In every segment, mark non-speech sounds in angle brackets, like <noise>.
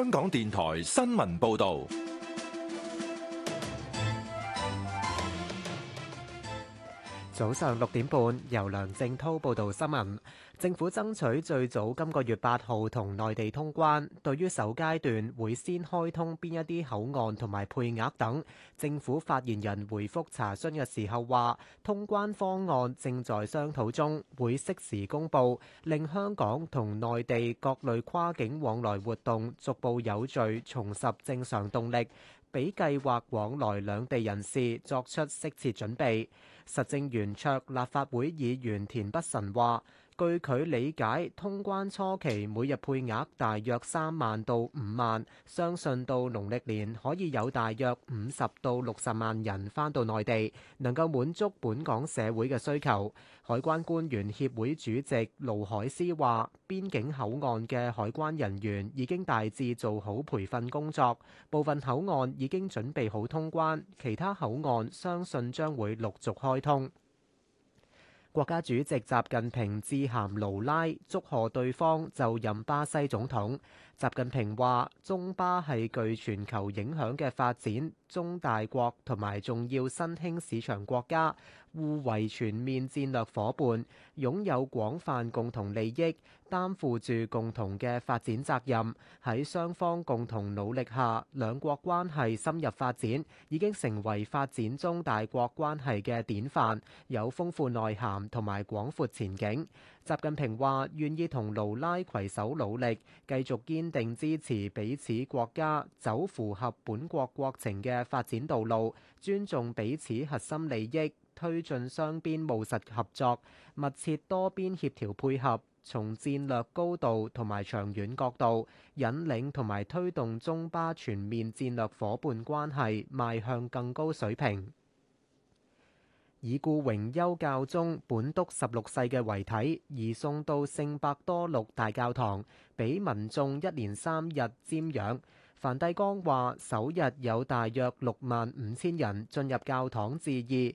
香港電台新聞報道。早上六點半，由梁正滔報道新聞。政府爭取最早今個月八號同內地通關。對於首階段會先開通邊一啲口岸同埋配額等，政府發言人回覆查詢嘅時候話，通關方案正在商討中，會適時公佈，令香港同內地各類跨境往來活動逐步有序，重拾正常動力，畀計劃往來兩地人士作出適切準備。實政圓桌立法會議員田北辰話。據佢理解，通關初期每日配額大約三萬到五萬，相信到農曆年可以有大約五十到六十萬人返到內地，能夠滿足本港社會嘅需求。海關官員協會主席盧海思話，邊境口岸嘅海關人員已經大致做好培訓工作，部分口岸已經準備好通關，其他口岸相信將會陸續開通。國家主席習近平致函盧拉，祝賀對方就任巴西總統。習近平話：中巴係具全球影響嘅發展中大國同埋重要新興市場國家。互為全面戰略伙伴，擁有廣泛共同利益，擔負住共同嘅發展責任。喺雙方共同努力下，兩國關係深入發展，已經成為發展中大國關係嘅典範，有豐富內涵同埋廣闊前景。習近平話：願意同盧拉攜手努力，繼續堅定支持彼此國家走符合本國國情嘅發展道路，尊重彼此核心利益。推進雙邊務實合作，密切多邊協調配合，從戰略高度同埋長遠角度引領同埋推動中巴全面戰略夥伴關係，邁向更高水平。已故榮休教宗本篤十六世嘅遺體移送到聖伯多祿大教堂，俾民眾一連三日瞻仰。梵蒂岡話，首日有大約六萬五千人進入教堂致意。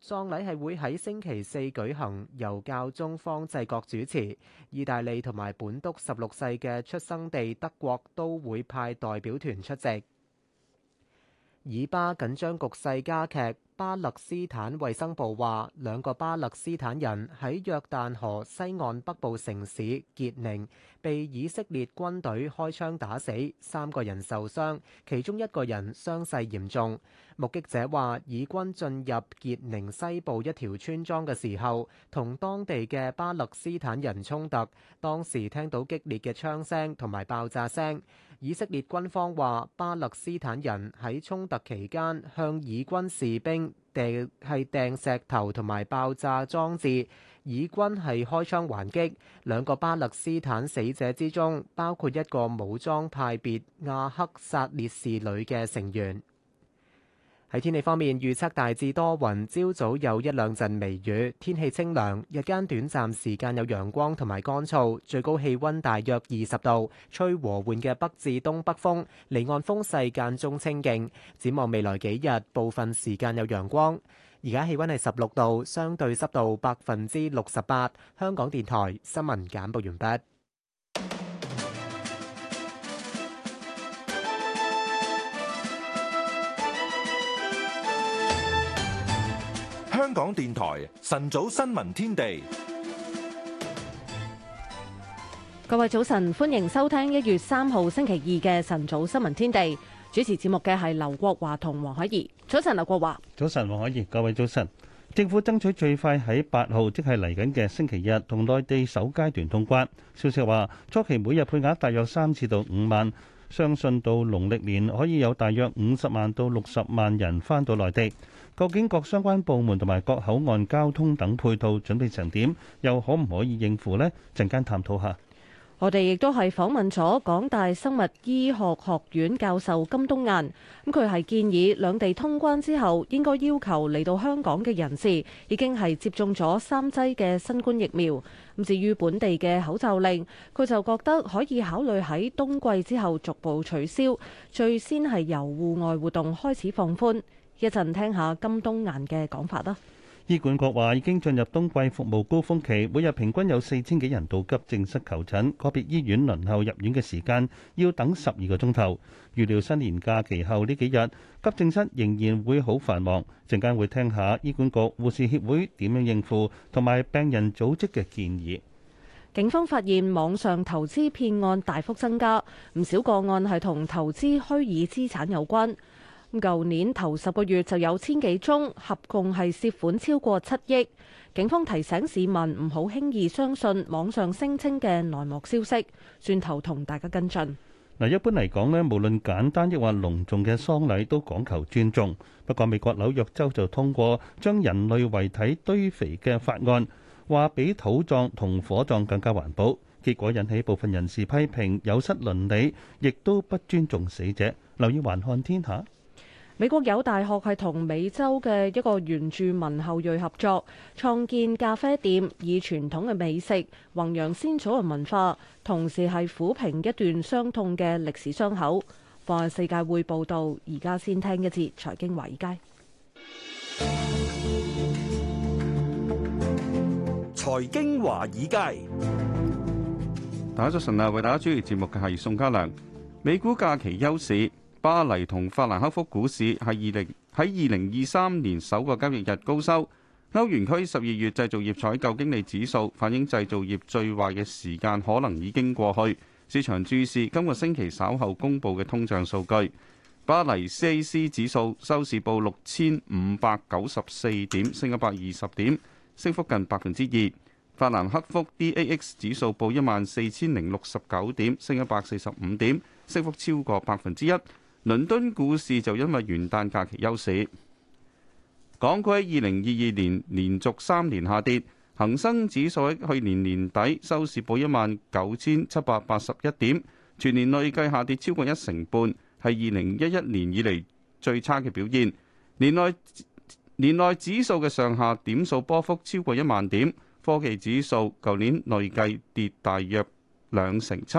葬禮係會喺星期四舉行，由教宗方濟各主持。意大利同埋本篤十六世嘅出生地德國都會派代表團出席。以巴緊張局勢加劇。巴勒斯坦衛生部話，兩個巴勒斯坦人喺約旦河西岸北部城市傑寧被以色列軍隊開槍打死，三個人受傷，其中一個人傷勢嚴重。目擊者話，以軍進入傑寧西部一條村莊嘅時候，同當地嘅巴勒斯坦人衝突，當時聽到激烈嘅槍聲同埋爆炸聲。以色列軍方話，巴勒斯坦人喺衝突期間向以軍士兵掟係掟石頭同埋爆炸裝置，以軍係開槍還擊。兩個巴勒斯坦死者之中，包括一個武裝派別亞克薩烈士旅嘅成員。喺天氣方面，預測大致多雲，朝早有一兩陣微雨，天氣清涼，日間短暫時間有陽光同埋乾燥，最高氣溫大約二十度，吹和緩嘅北至東北風，離岸風勢間中清勁。展望未來幾日，部分時間有陽光。而家氣溫係十六度，相對濕度百分之六十八。香港電台新聞簡報完畢。港電台晨早新聞天地，各位早晨，歡迎收聽一月三號星期二嘅晨早新聞天地。主持節目嘅係劉國華同黃海怡。早晨，劉國華。早晨，黃海怡。各位早晨。政府爭取最快喺八號，即係嚟緊嘅星期日，同內地首階段通關。消息話，初期每日配額大約三次到五萬，相信到農曆年可以有大約五十萬到六十萬人返到內地。究竟各相關部門同埋各口岸交通等配套準備成點，又可唔可以應付呢？陣間探討下。我哋亦都係訪問咗港大生物醫學學院教授金冬雁，咁佢係建議兩地通關之後應該要求嚟到香港嘅人士已經係接種咗三劑嘅新冠疫苗。咁至於本地嘅口罩令，佢就覺得可以考慮喺冬季之後逐步取消，最先係由戶外活動開始放寬。一陣聽下金冬燕嘅講法啦。醫管局話已經進入冬季服務高峰期，每日平均有四千幾人到急症室求診，個別醫院輪候入院嘅時間要等十二個鐘頭。預料新年假期後呢幾日，急症室仍然會好繁忙。陣間會會聽下醫管局、護士協會點樣應付，同埋病人組織嘅建議。警方發現網上投資騙案大幅增加，唔少個案係同投資虛擬資產有關。咁舊年頭十個月就有千幾宗，合共係涉款超過七億。警方提醒市民唔好輕易相信網上聲稱嘅內幕消息。轉頭同大家跟進嗱，一般嚟講呢，無論簡單抑或隆重嘅喪禮都講求尊重。不過，美國紐約州就通過將人類遺體堆肥嘅法案，話比土葬同火葬更加環保。結果引起部分人士批評有失倫理，亦都不尊重死者。留意還看天下。美國有大學係同美洲嘅一個原住民後裔合作，創建咖啡店，以傳統嘅美食弘揚先祖嘅文化，同時係撫平一段傷痛嘅歷史傷口。《華夏世界匯》報道，而家先聽一節《財經華爾街》。財經華爾街，大家早晨啊！為大家主持節目嘅係宋家良。美股假期休市。巴黎同法蘭克福股市係二零喺二零二三年首個交易日高收。歐元區十二月製造業採購經理指數反映製造業最壞嘅時間可能已經過去。市場注視今個星期稍後公布嘅通脹數據。巴黎 CAC 指數收市報六千五百九十四點，升一百二十點，升幅近百分之二。法蘭克福 DAX 指數報一萬四千零六十九點，升一百四十五點，升幅超過百分之一。倫敦股市就因為元旦假期休市，港股喺二零二二年連續三年下跌，恒生指數喺去年年底收市報一萬九千七百八十一點，全年累計下跌超過一成半，係二零一一年以嚟最差嘅表現。年內年內指數嘅上下點數波幅超過一萬點，科技指數舊年累計跌大約兩成七。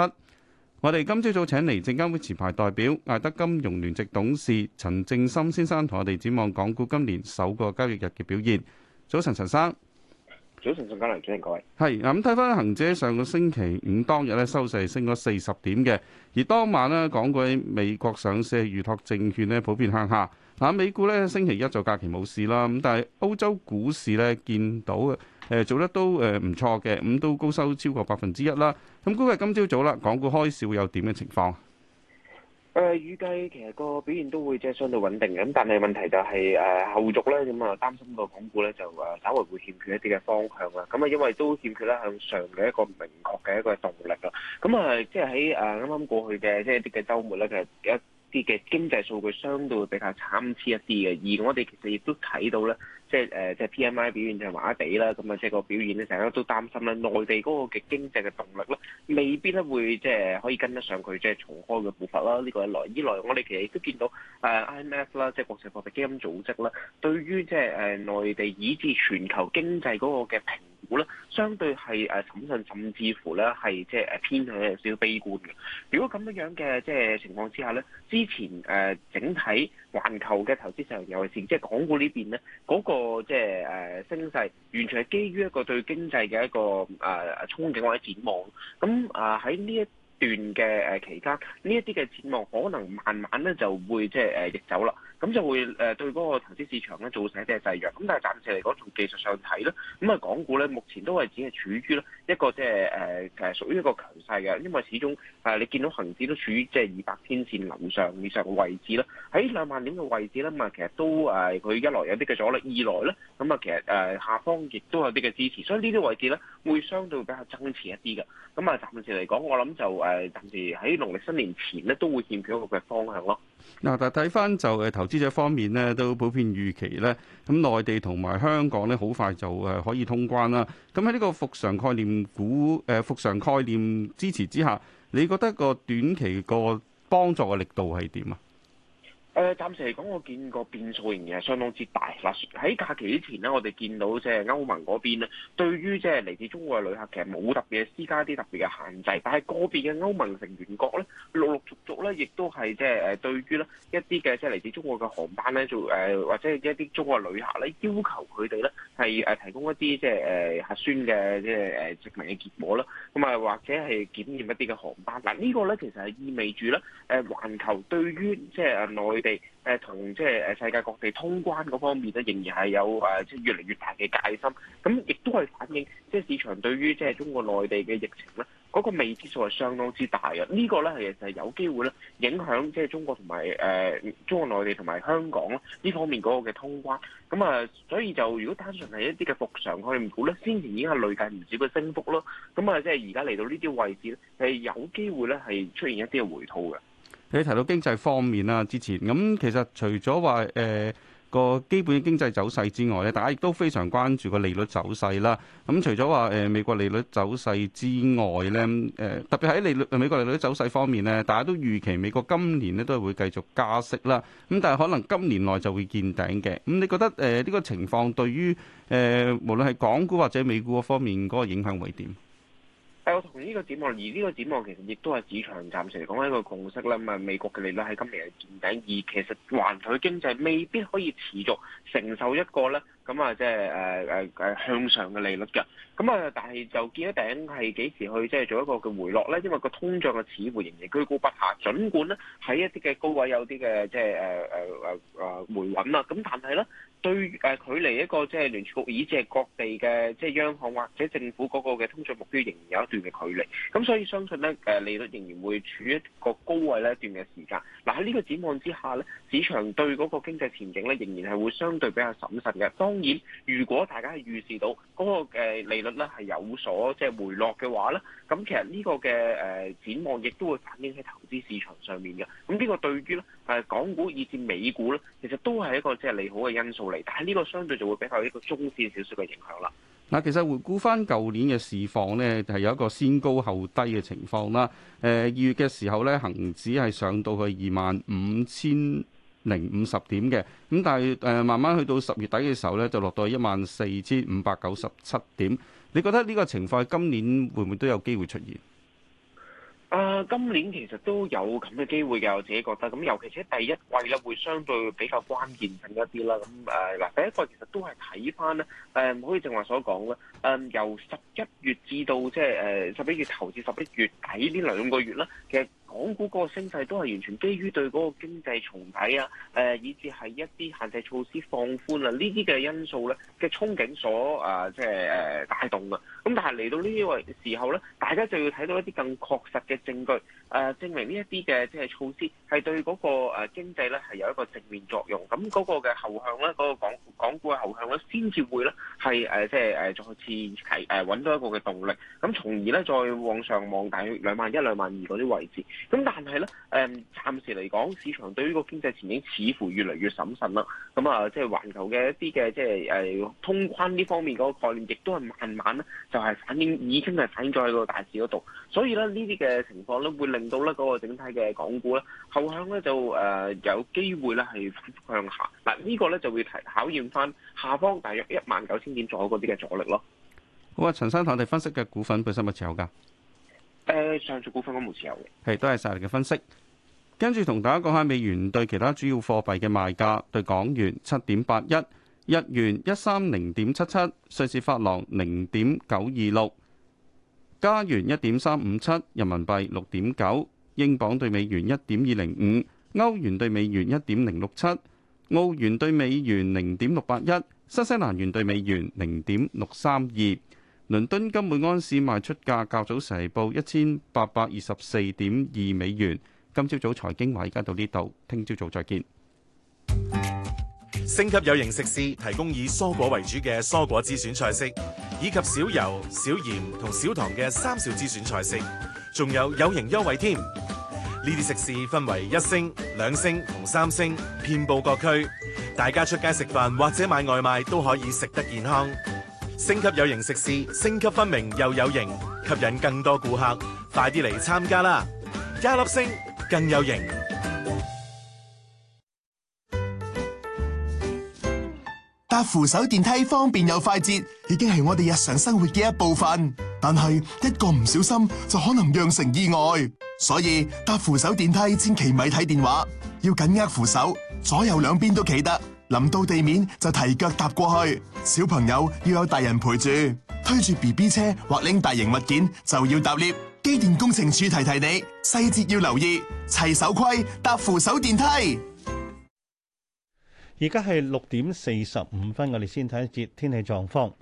我哋今朝早請嚟證監會前排代表艾德金融聯席董事陳正森先生同我哋展望港股今年首個交易日嘅表現。早晨，陳生。早晨，陳家良，歡迎各位。係，咁睇翻恒指上個星期五當日咧，收市升咗四十點嘅，而當晚咧，港股喺美國上市，預託證券咧普遍向下。嗱，美股咧星期一就假期冇市啦，咁但係歐洲股市咧見到。誒做得都誒唔錯嘅，咁都高收超過百分之一啦。咁估計今朝早啦，港股開市會有點嘅情況。誒預計其實個表現都會即係相對穩定嘅，咁但係問題就係誒後續咧，咁啊擔心個港股咧就誒稍為會欠缺一啲嘅方向啊。咁啊，因為都欠缺咧向上嘅一個明確嘅一個動力啦。咁啊，即係喺誒啱啱過去嘅即係一啲嘅週末咧，其實一。啲嘅經濟數據相對會比較參差一啲嘅，而我哋其實亦都睇到咧，即係誒即係 PMI 表現就麻麻地啦，咁啊即係個表現咧，成日都擔心咧，內地嗰個嘅經濟嘅動力咧，未必咧會即係可以跟得上佢即係重開嘅步伐啦。呢個以來以來，我哋其實亦都見到誒 IMF 啦，即係國際貨幣基金組織啦，對於即係誒內地以至全球經濟嗰個嘅平股咧，相對係誒審慎，甚至乎咧係即係偏向有少少悲觀嘅。如果咁樣樣嘅即係情況之下咧，之前誒整體環球嘅投資上，尤其是即係港股呢邊咧，嗰個即係誒升勢，完全係基於一個對經濟嘅一個誒憧憬或者展望。咁啊喺呢一段嘅誒期間，呢一啲嘅展望可能慢慢咧就會即係誒逆走啦，咁就會誒對嗰個投資市場咧造成一啲嘅制約。咁但係暫時嚟講，從技術上睇咧，咁啊港股咧目前都係只係處於咧一個即係誒誒屬於一個強勢嘅，因為始終啊你見到恆指都處於即係二百天線樓上以上嘅位置啦，喺兩萬點嘅位置啦嘛，其實都誒佢一來有啲嘅阻力，二來咧咁啊其實誒下方亦都有啲嘅支持，所以呢啲位置咧會相對比較爭持一啲嘅。咁啊暫時嚟講，我諗就誒。誒，暫時喺農曆新年前咧，都會欠缺一個嘅方向咯。嗱，但係睇翻就誒，投資者方面呢都普遍預期咧，咁內地同埋香港呢好快就誒可以通關啦。咁喺呢個復常概念股誒，復常概念支持之下，你覺得個短期個幫助嘅力度係點啊？誒、呃、暫時嚟講，我見過變數仍然係相當之大。嗱，喺假期之前呢，我哋見到即係歐盟嗰邊咧，對於即係嚟自中國嘅旅客其實冇特別嘅施加、啲特別嘅限制。但係個別嘅歐盟成員國咧，陸陸續續咧，亦都係即係誒對於呢一啲嘅即係嚟自中國嘅航班咧，做誒、呃、或者一啲中國旅客咧，要求佢哋咧係誒提供一啲即係誒核酸嘅即係誒證明嘅結果啦。咁啊或者係檢驗一啲嘅航班。嗱、呃這個、呢個咧其實係意味住咧誒環球對於即係誒內地。係誒同即係誒世界各地通關嗰方面咧，仍然係有誒即係越嚟越大嘅戒心。咁亦都係反映即係市場對於即係中國內地嘅疫情咧，嗰個未知數係相當之大嘅。呢個咧係就係有機會咧影響即係中國同埋誒中國內地同埋香港呢方面嗰個嘅通關。咁啊，所以就如果單純係一啲嘅復常概念股咧，先前已經係累計唔少嘅升幅咯。咁啊，即係而家嚟到呢啲位置咧，係有機會咧係出現一啲嘅回吐嘅。你提到經濟方面啊，之前咁其實除咗話誒個基本經濟走勢之外咧，大家亦都非常關注個利率走勢啦。咁、嗯、除咗話誒美國利率走勢之外咧，誒、呃、特別喺利率美國利率走勢方面咧，大家都預期美國今年咧都係會繼續加息啦。咁但係可能今年內就會見頂嘅。咁、嗯、你覺得誒呢、呃呢個情況對於誒、呃、無論係港股或者美股方面嗰、嗰個影響會點？有同呢個展望，而呢個展望其實亦都係市場暫時嚟講一個共識啦。咁啊，美國嘅利率喺今年係見頂，而其實環球經濟未必可以持續承受一個咧，咁啊、就是，即係誒誒誒向上嘅利率嘅。咁啊，但係就見一頂係幾時去即係做一個嘅回落咧？因為個通脹嘅似乎仍然居高不下，儘管咧喺一啲嘅高位有啲嘅即係誒誒誒誒回穩啦。咁但係咧。對，誒距離一個即係聯儲局，以至係各地嘅即係央行或者政府嗰個嘅通脹目標，仍然有一段嘅距離。咁所以相信咧誒利率仍然會處於一個高位咧一段嘅時間。嗱，喺呢個展望之下咧，市場對嗰個經濟前景咧仍然係會相對比較審慎嘅。當然，如果大家係預示到嗰個誒利率咧係有所即係回落嘅話咧，咁其實呢個嘅誒展望亦都會反映喺投資市場上面嘅。咁呢個對於咧？係港股以至美股咧，其實都係一個即係利好嘅因素嚟，但係呢個相對就會比較一個中線少少嘅影響啦。嗱，其實回顧翻舊年嘅市況呢，就係有一個先高後低嘅情況啦。誒、呃、二月嘅時候呢，恒指係上到去二萬五千零五十點嘅，咁但係誒、呃、慢慢去到十月底嘅時候呢，就落到去一萬四千五百九十七點。你覺得呢個情況今年會唔會都有機會出現？誒、uh, 今年其實都有咁嘅機會嘅，我自己覺得咁，尤其是第一季啦，會相對比較關鍵性一啲啦。咁誒嗱，第一個其實都係睇翻咧，誒唔可以正話所講嘅，誒、呃、由十一月至到即係誒十一月頭至十一月底呢兩個月啦，其港股個升勢都係完全基於對嗰個經濟重啟啊，誒，以至係一啲限制措施放寬啊，呢啲嘅因素咧嘅憧憬所啊，即係誒帶動啊。咁但係嚟到呢個時候咧，大家就要睇到一啲更確實嘅證據，誒、呃，證明呢一啲嘅即係措施係對嗰個誒經濟咧係有一個正面作用。咁嗰個嘅後向咧，嗰、嗰個港港股嘅後向咧，先至會咧係誒，即係誒，再次提誒揾、啊、到一個嘅動力，咁從而咧再往上望，大概兩萬一、兩萬二嗰啲位置。咁但係咧，誒暫時嚟講，市場對於個經濟前景似乎越嚟越審慎啦。咁、嗯就是就是、啊，即係環球嘅一啲嘅即係誒通關呢方面嗰個概念，亦都係慢慢咧就係、是、反映，已經係反映咗喺個大市嗰度。所以咧，呢啲嘅情況咧，會令到咧嗰個整體嘅港股咧後向咧就誒、啊、有機會咧係反覆向下。嗱、啊，這個、呢個咧就會提考驗翻下方大約一萬九千點左右嗰啲嘅阻力咯。好啊，陳生，我哋分析嘅股份本身係持有㗎。誒，上注股份我冇持有嘅，係多謝晒你嘅分析。跟住同大家講下美元對其他主要貨幣嘅賣價：對港元七點八一，日元一三零點七七，瑞士法郎零點九二六，加元一點三五七，人民幣六點九，英鎊對美元一點二零五，歐元對美元一點零六七，澳元對美元零點六八一，新西蘭元對美元零點六三二。倫敦金每安士賣出價較早時報一千八百二十四點二美元。今朝早財經話而家到呢度，聽朝早再見。星級有形食肆提供以蔬果為主嘅蔬果之選菜式，以及少油、少鹽同少糖嘅三少之選菜式，仲有有形優惠添。呢啲食肆分為一星、兩星同三星，遍布各區。大家出街食飯或者買外賣都可以食得健康。星級有型食肆，星級分明又有型，吸引更多顧客。快啲嚟參加啦！加粒星更有型。搭扶手電梯方便又快捷，已經係我哋日常生活嘅一部分。但係一個唔小心就可能釀成意外，所以搭扶手電梯千祈咪睇電話，要緊握扶手，左右兩邊都企得。臨到地面就提腳踏過去，小朋友要有大人陪住，推住 B B 車或拎大型物件就要搭 𨋢。機電工程處提提你，細節要留意，齊手規搭扶手電梯。而家係六點四十五分，我哋先睇一節天氣狀況。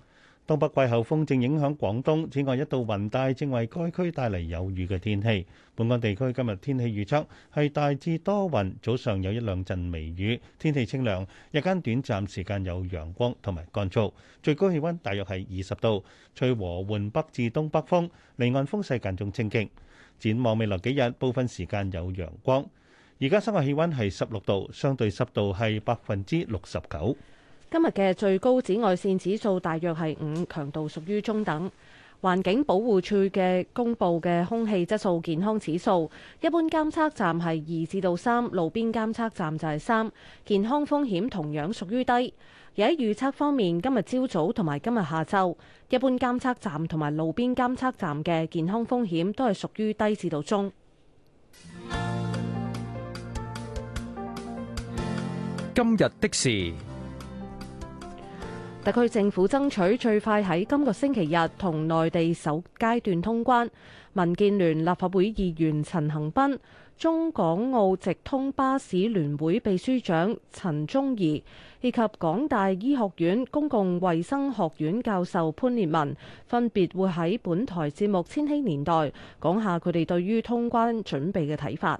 東北季候風正影響廣東，此外一道雲帶正為該區帶嚟有雨嘅天氣。本港地區今日天氣預測係大致多雲，早上有一兩陣微雨，天氣清涼，日間短暫時間有陽光同埋乾燥，最高氣温大約係二十度，吹和緩北至東北風，離岸風勢間中清勁。展望未來幾日，部分時間有陽光。而家室外氣温係十六度，相對濕度係百分之六十九。今日嘅最高紫外線指數大約係五，強度屬於中等。環境保護署嘅公布嘅空氣質素健康指數，一般監測站係二至到三，路邊監測站就係三，健康風險同樣屬於低。而喺預測方面，今日朝早同埋今日下晝，一般監測站同埋路邊監測站嘅健康風險都係屬於低至到中。今日的事。特區政府爭取最快喺今個星期日同內地首階段通關。民建聯立法會議員陳恒斌、中港澳直通巴士聯會秘書長陳忠儀以及港大醫學院公共衛生學院教授潘烈文分別會喺本台節目《千禧年代》講下佢哋對於通關準備嘅睇法。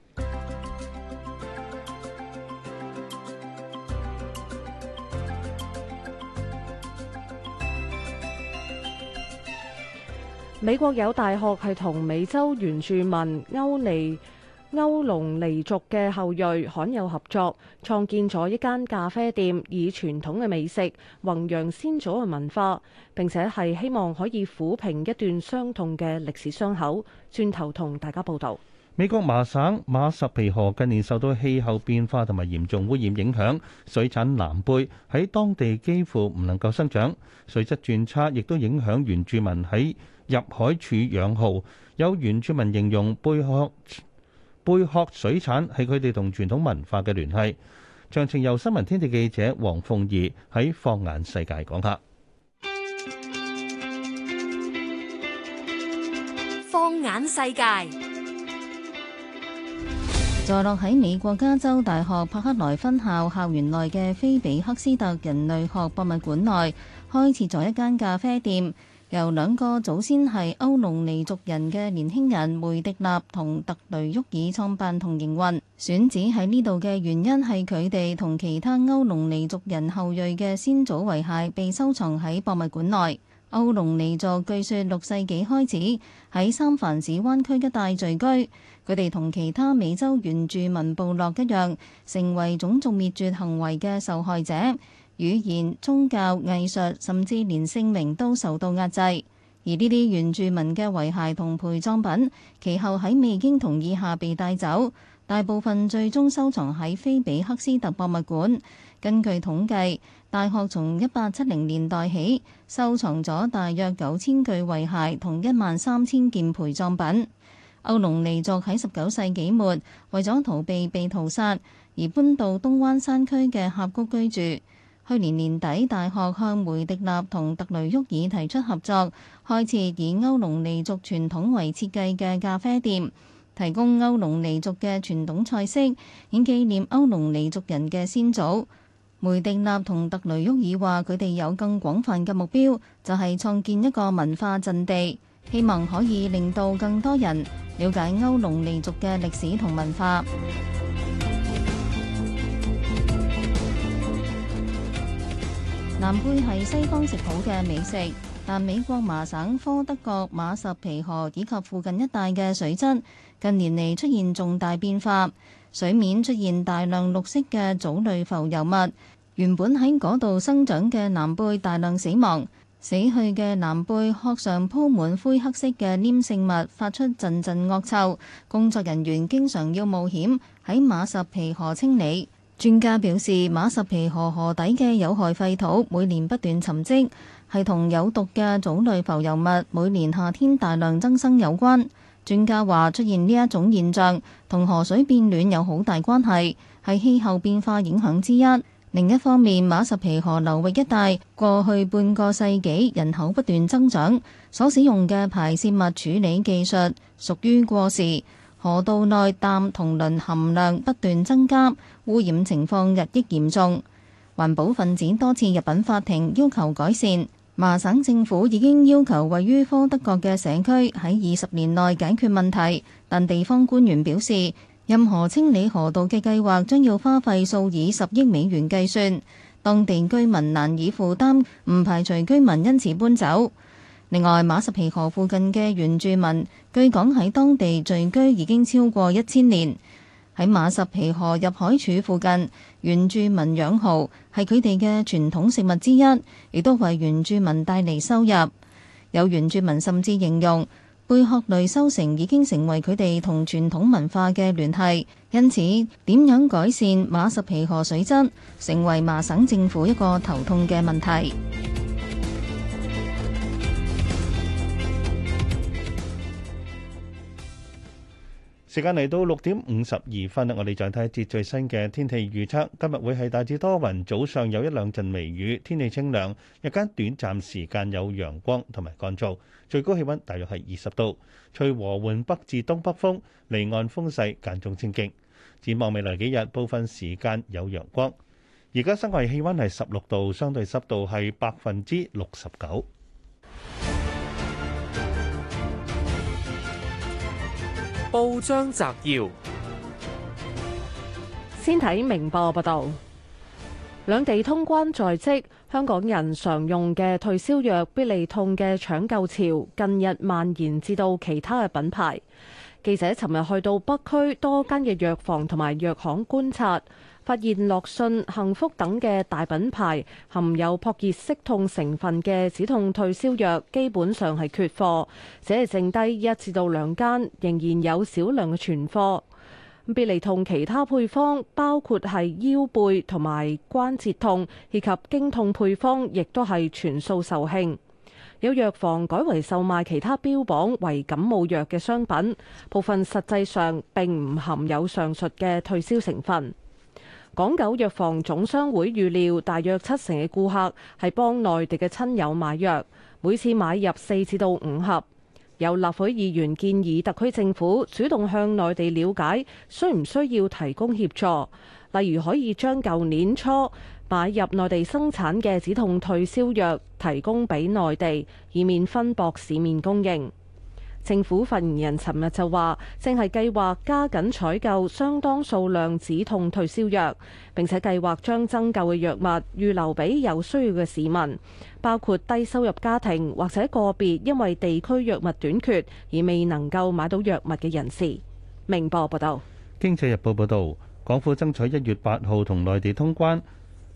美國有大學係同美洲原住民歐尼歐龍尼族嘅後裔罕有合作，創建咗一間咖啡店，以傳統嘅美食弘揚先祖嘅文化。並且係希望可以撫平一段傷痛嘅歷史傷口。轉頭同大家報道，美國麻省馬什皮河近年受到氣候變化同埋嚴重污染影響，水產藍貝喺當地幾乎唔能夠生長，水質轉差，亦都影響原住民喺入海處養蠔，有原住民形容貝殼貝殼水產係佢哋同傳統文化嘅聯繫。詳情由新聞天地記者黃鳳儀喺《放眼世界》講下。放眼世界，坐落喺美國加州大學柏克萊分校校園內嘅菲比克斯特人類學博物館內，開設咗一間咖啡店。由兩個祖先係歐隆尼族人嘅年輕人梅迪納同特雷沃爾創辦同營運，選址喺呢度嘅原因係佢哋同其他歐隆尼族人後裔嘅先祖遺骸被收藏喺博物館內。歐隆尼族據說六世紀開始喺三藩市灣區一帶聚居，佢哋同其他美洲原住民部落一樣，成為種族滅絕行為嘅受害者。語言、宗教、藝術，甚至連姓名都受到壓制。而呢啲原住民嘅遺骸同陪葬品，其後喺未經同意下被帶走，大部分最終收藏喺菲比克斯特博物館。根據統計，大學從一八七零年代起收藏咗大約九千具遺骸同一萬三千件陪葬品。歐隆尼族喺十九世紀末為咗逃避被屠殺，而搬到東灣山區嘅峽谷居住。去年年底，大學向梅迪納同特雷沃爾提出合作，開設以歐隆尼族傳統為設計嘅咖啡店，提供歐隆尼族嘅傳統菜式，以紀念歐隆尼族人嘅先祖。梅迪納同特雷沃爾話：佢哋有更廣泛嘅目標，就係、是、創建一個文化陣地，希望可以令到更多人了解歐隆尼族嘅歷史同文化。南貝係西方食譜嘅美食，但美國麻省科德角馬什皮河以及附近一帶嘅水質近年嚟出現重大變化，水面出現大量綠色嘅藻類浮游物，原本喺嗰度生長嘅南貝大量死亡，死去嘅南貝殼上鋪滿灰黑色嘅黏性物，發出陣陣惡臭，工作人員經常要冒險喺馬什皮河清理。專家表示，馬什皮河河底嘅有害廢土每年不斷沉積，係同有毒嘅藻類浮游物每年夏天大量增生有關。專家話，出現呢一種現象，同河水變暖有好大關係，係氣候變化影響之一。另一方面，馬什皮河流域一帶過去半個世紀人口不斷增長，所使用嘅排泄物處理技術屬於過時。河道內氮同磷含量不斷增加，污染情況日益嚴重。環保分子多次入禀法庭要求改善。麻省政府已經要求位於科德角嘅社區喺二十年內解決問題，但地方官員表示，任何清理河道嘅計劃將要花費數以十億美元計算，當地居民難以負擔，唔排除居民因此搬走。另外，馬什皮河附近嘅原住民，據講喺當地聚居已經超過一千年。喺馬什皮河入海處附近，原住民養蠔係佢哋嘅傳統食物之一，亦都為原住民帶嚟收入。有原住民甚至形容，貝殼類收成已經成為佢哋同傳統文化嘅聯繫。因此，點樣改善馬什皮河水質，成為麻省政府一個頭痛嘅問題。時間嚟到六點五十二分，我哋再睇一節最新嘅天氣預測。今日會係大致多雲，早上有一兩陣微雨，天氣清涼，日間短暫時間有陽光同埋乾燥，最高氣温大約係二十度，吹和緩北至東北風，離岸風勢間中清勁。展望未來幾日，部分時間有陽光。而家室外氣温係十六度，相對濕度係百分之六十九。報章摘要：先睇明報報道，兩地通關在即，香港人常用嘅退燒藥必利痛嘅搶購潮近日蔓延至到其他嘅品牌。記者尋日去到北區多間嘅藥房同埋藥行觀察。發現樂信、幸福等嘅大品牌含有撲熱息痛成分嘅止痛退燒藥，基本上係缺貨，只係剩低一至到兩間，仍然有少量嘅存貨。必理痛其他配方，包括係腰背同埋關節痛以及經痛配方，亦都係全數售罄。有藥房改為售賣其他標榜為感冒藥嘅商品，部分實際上並唔含有上述嘅退燒成分。港九藥房總商會預料大約七成嘅顧客係幫內地嘅親友買藥，每次買入四至到五盒。有立會議員建議特區政府主動向內地了解需唔需要提供協助，例如可以將舊年初買入內地生產嘅止痛退燒藥提供俾內地，以免分薄市面供應。政府發言人尋日就話，正係計劃加緊採購相當數量止痛退燒藥，並且計劃將增購嘅藥物預留俾有需要嘅市民，包括低收入家庭或者個別因為地區藥物短缺而未能夠買到藥物嘅人士。明報報道，《經濟日報》報道，港府爭取一月八號同內地通關。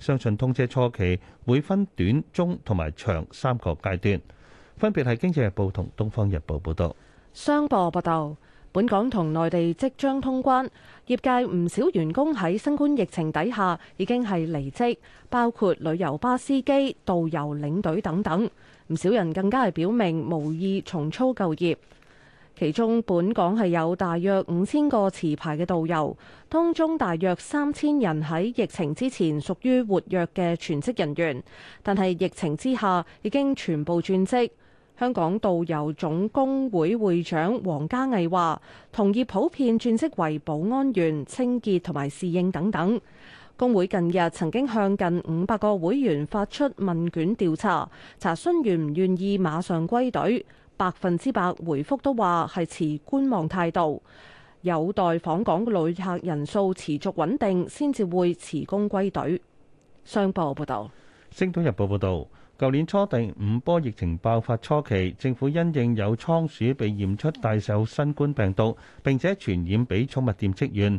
相信通車初期會分短、中同埋長三個階段，分別係經濟日報同《東方日報》報道。商報報道，本港同內地即將通關，業界唔少員工喺新冠疫情底下已經係離職，包括旅遊巴司機、導遊領隊等等，唔少人更加係表明無意重操舊業。其中本港係有大約五千個持牌嘅導遊，當中大約三千人喺疫情之前屬於活躍嘅全職人員，但係疫情之下已經全部轉職。香港導遊總工會會長黃嘉毅話，同業普遍轉職為保安員、清潔同埋侍應等等。工會近日曾經向近五百個會員發出問卷調查，查詢願唔願意馬上歸隊。百分之百回覆都話，係持觀望態度，有待訪港旅客人數持續穩定先至會辭工歸隊。商報報道，星島日報報道，舊年初第五波疫情爆發初期，政府因應有倉鼠被驗出帶受新冠病毒，並且傳染俾寵物店職員，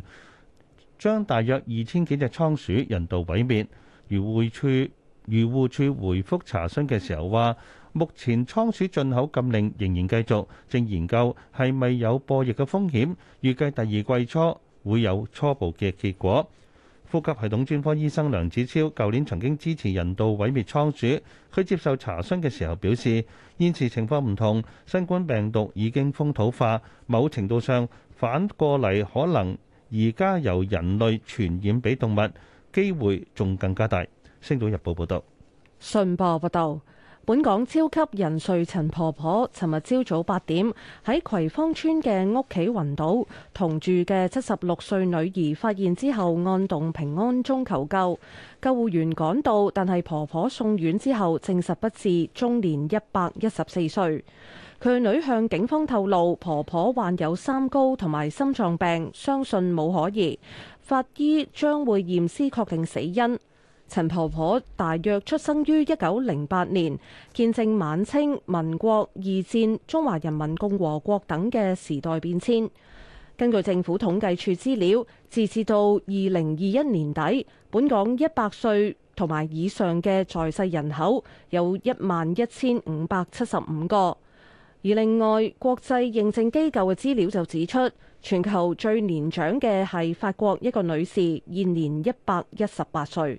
將大約二千幾隻倉鼠人道毀滅。漁護處漁護處回覆查詢嘅時候話。目前倉鼠進口禁令仍然繼續，正研究係咪有播疫嘅風險，預計第二季初會有初步嘅結果。呼吸系統專科醫生梁子超舊年曾經支持人道毀滅倉鼠，佢接受查詢嘅時候表示：現時情況唔同，新冠病毒已經風土化，某程度上反過嚟可能而家由人類傳染俾動物機會仲更加大。星島日報報道。信報報導。本港超級人瑞陳婆婆，尋日朝早八點喺葵芳村嘅屋企暈倒，同住嘅七十六歲女兒發現之後按動平安鐘求救，救護員趕到，但係婆婆送院之後證實不治，終年一百一十四歲。佢女向警方透露，婆婆患有三高同埋心臟病，相信冇可疑。法醫將會驗屍確定死因。陳婆婆大約出生於一九零八年，見證晚清、民國、二戰、中華人民共和國等嘅時代變遷。根據政府統計處資料，截至到二零二一年底，本港一百歲同埋以上嘅在世人口有一萬一千五百七十五個。而另外，國際認證機構嘅資料就指出，全球最年長嘅係法國一個女士，現年一百一十八歲。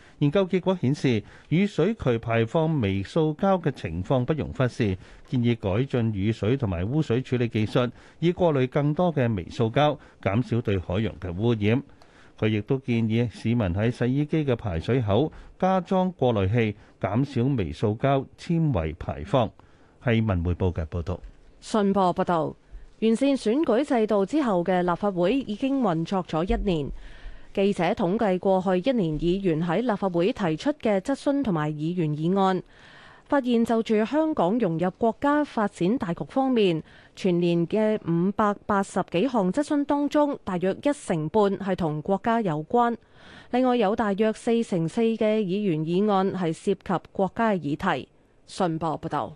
研究結果顯示，雨水渠排放微塑膠嘅情況不容忽視，建議改進雨水同埋污水處理技術，以過濾更多嘅微塑膠，減少對海洋嘅污染。佢亦都建議市民喺洗衣機嘅排水口加裝過濾器，減少微塑膠纖維排放。係文匯報嘅報道。信報報道，完善選舉制度之後嘅立法會已經運作咗一年。記者統計過去一年議員喺立法會提出嘅質詢同埋議員議案，發現就住香港融入國家發展大局方面，全年嘅五百八十幾項質詢當中，大約一成半係同國家有關。另外，有大約四成四嘅議員議案係涉及國家議題。信報報道，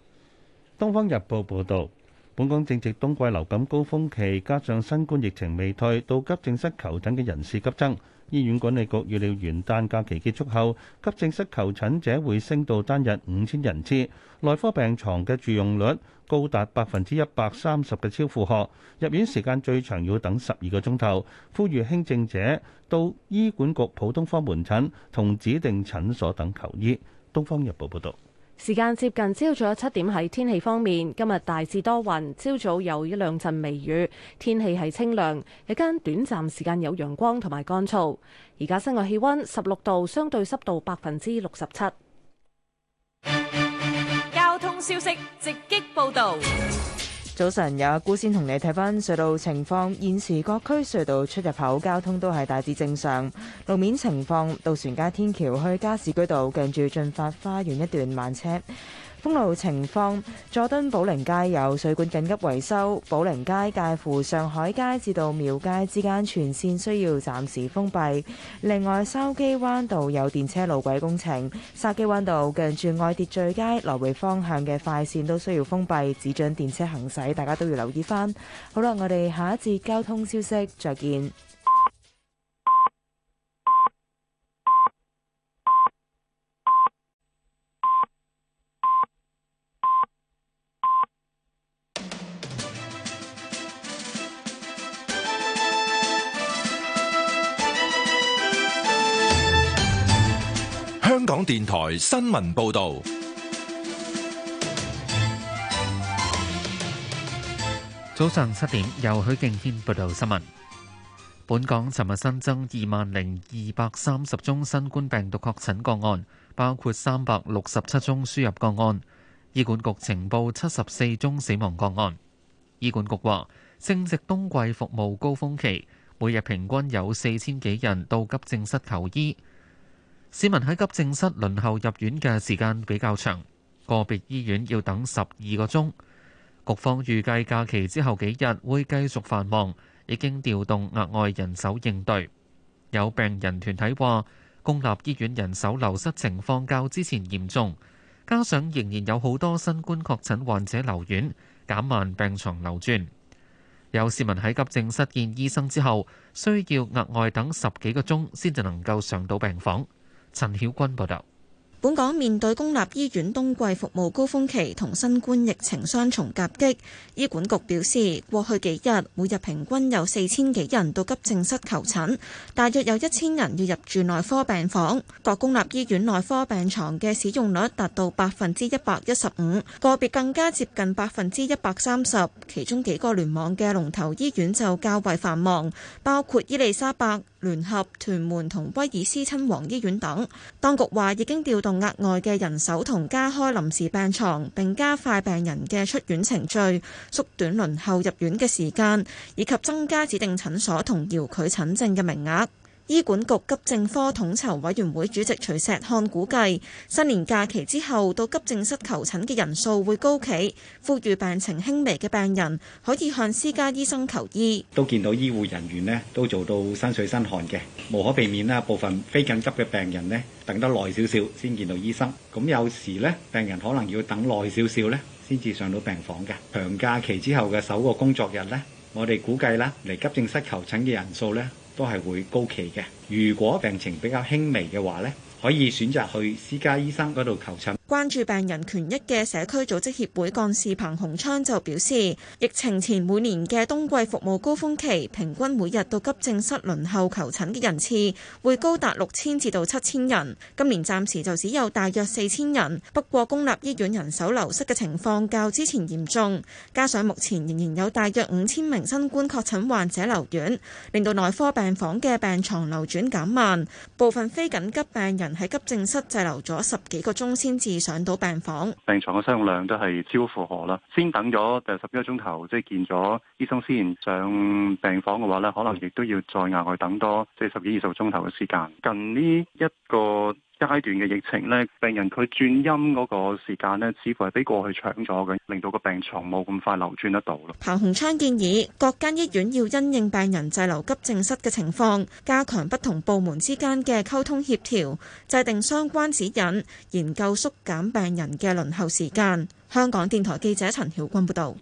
《東方日報》報道。本港正值冬季流感高峰期，加上新冠疫情未退，到急症室求診嘅人士急增。醫院管理局預料元旦假期結束後，急症室求診者會升到單日五千人次，內科病床嘅住用率高達百分之一百三十嘅超負荷，入院時間最長要等十二個鐘頭。呼籲輕症者到醫管局普通科門診同指定診所等求醫。東方日報報道。時間接近朝早七點，喺天氣方面，今日大致多雲，朝早有一兩陣微雨，天氣係清涼，一間短暫時間有陽光同埋乾燥。而家室外氣温十六度，相對濕度百分之六十七。交通消息直擊報道。早晨，有阿姑先同你睇翻隧道情況，現時各區隧道出入口交通都係大致正常。路面情況，渡船街天橋去加士居道近住駿發花園一段慢車。公路情況：佐敦寶靈街有水管緊急維修，寶靈街介乎上海街至到廟街之間全線需要暫時封閉。另外，筲箕灣道有電車路軌工程，筲箕灣道近住愛秩序街來回方向嘅快線都需要封閉，只准電車行駛，大家都要留意翻。好啦，我哋下一節交通消息再見。香港電台新聞報道，早上七點，由許敬軒報道新聞。本港尋日新增二萬零二百三十宗新冠病毒確診個案，包括三百六十七宗輸入個案。醫管局呈報七十四宗死亡個案。醫管局話，正值冬季服務高峰期，每日平均有四千幾人到急症室求醫。市民喺急症室輪候入院嘅時間比較長，個別醫院要等十二個鐘。局方預計假期之後幾日會繼續繁忙，已經調動額外人手應對。有病人團體話，公立醫院人手流失情況較之前嚴重，加上仍然有好多新冠確診患者留院，減慢病床流轉。有市民喺急症室見醫生之後，需要額外等十幾個鐘先至能夠上到病房。陳曉君報道，本港面對公立醫院冬季服務高峰期同新冠疫情雙重夾擊，醫管局表示，過去幾日每日平均有四千幾人到急症室求診，大約有一千人要入住內科病房，各公立醫院內科病床嘅使用率達到百分之一百一十五，個別更加接近百分之一百三十，其中幾個聯網嘅龍頭醫院就較為繁忙，包括伊利沙伯。聯合屯門同威爾斯親王醫院等，當局話已經調動額外嘅人手同加開臨時病床，並加快病人嘅出院程序，縮短輪候入院嘅時間，以及增加指定診所同遙距診症嘅名額。醫管局急症科統籌委員會主席徐錫漢估計，新年假期之後到急症室求診嘅人數會高企，呼籲病情輕微嘅病人可以向私家醫生求醫。都見到醫護人員咧，都做到身水身汗嘅，無可避免啦。部分非緊急嘅病人咧，等得耐少少先見到醫生。咁有時咧，病人可能要等耐少少咧，先至上到病房嘅。長假期之後嘅首個工作日咧，我哋估計啦，嚟急症室求診嘅人數咧。都係會高期嘅。如果病情比較輕微嘅話呢，可以選擇去私家醫生嗰度求診。關注病人權益嘅社區組織協會幹事彭洪昌就表示，疫情前每年嘅冬季服務高峰期，平均每日到急症室輪候求診嘅人次會高達六千至到七千人。今年暫時就只有大約四千人。不過公立醫院人手流失嘅情況較之前嚴重，加上目前仍然有大約五千名新冠確診患者留院，令到內科病房嘅病床流轉減慢，部分非緊急病人喺急症室滯留咗十幾個鐘先至。上到病房，病床嘅使用量都係超負荷啦。先等咗第十幾個鐘頭，即係見咗醫生先上病房嘅話咧，可能亦都要再額外等多即係十幾、二十個鐘頭嘅時間。近呢一個。階段嘅疫情呢，病人佢轉陰嗰個時間咧，似乎係比過去長咗嘅，令到個病床冇咁快流轉得到咯。彭洪昌建議各間醫院要因應病人滯留急症室嘅情況，加強不同部門之間嘅溝通協調，制定相關指引，研究縮減病人嘅輪候時間。香港電台記者陳曉君報道，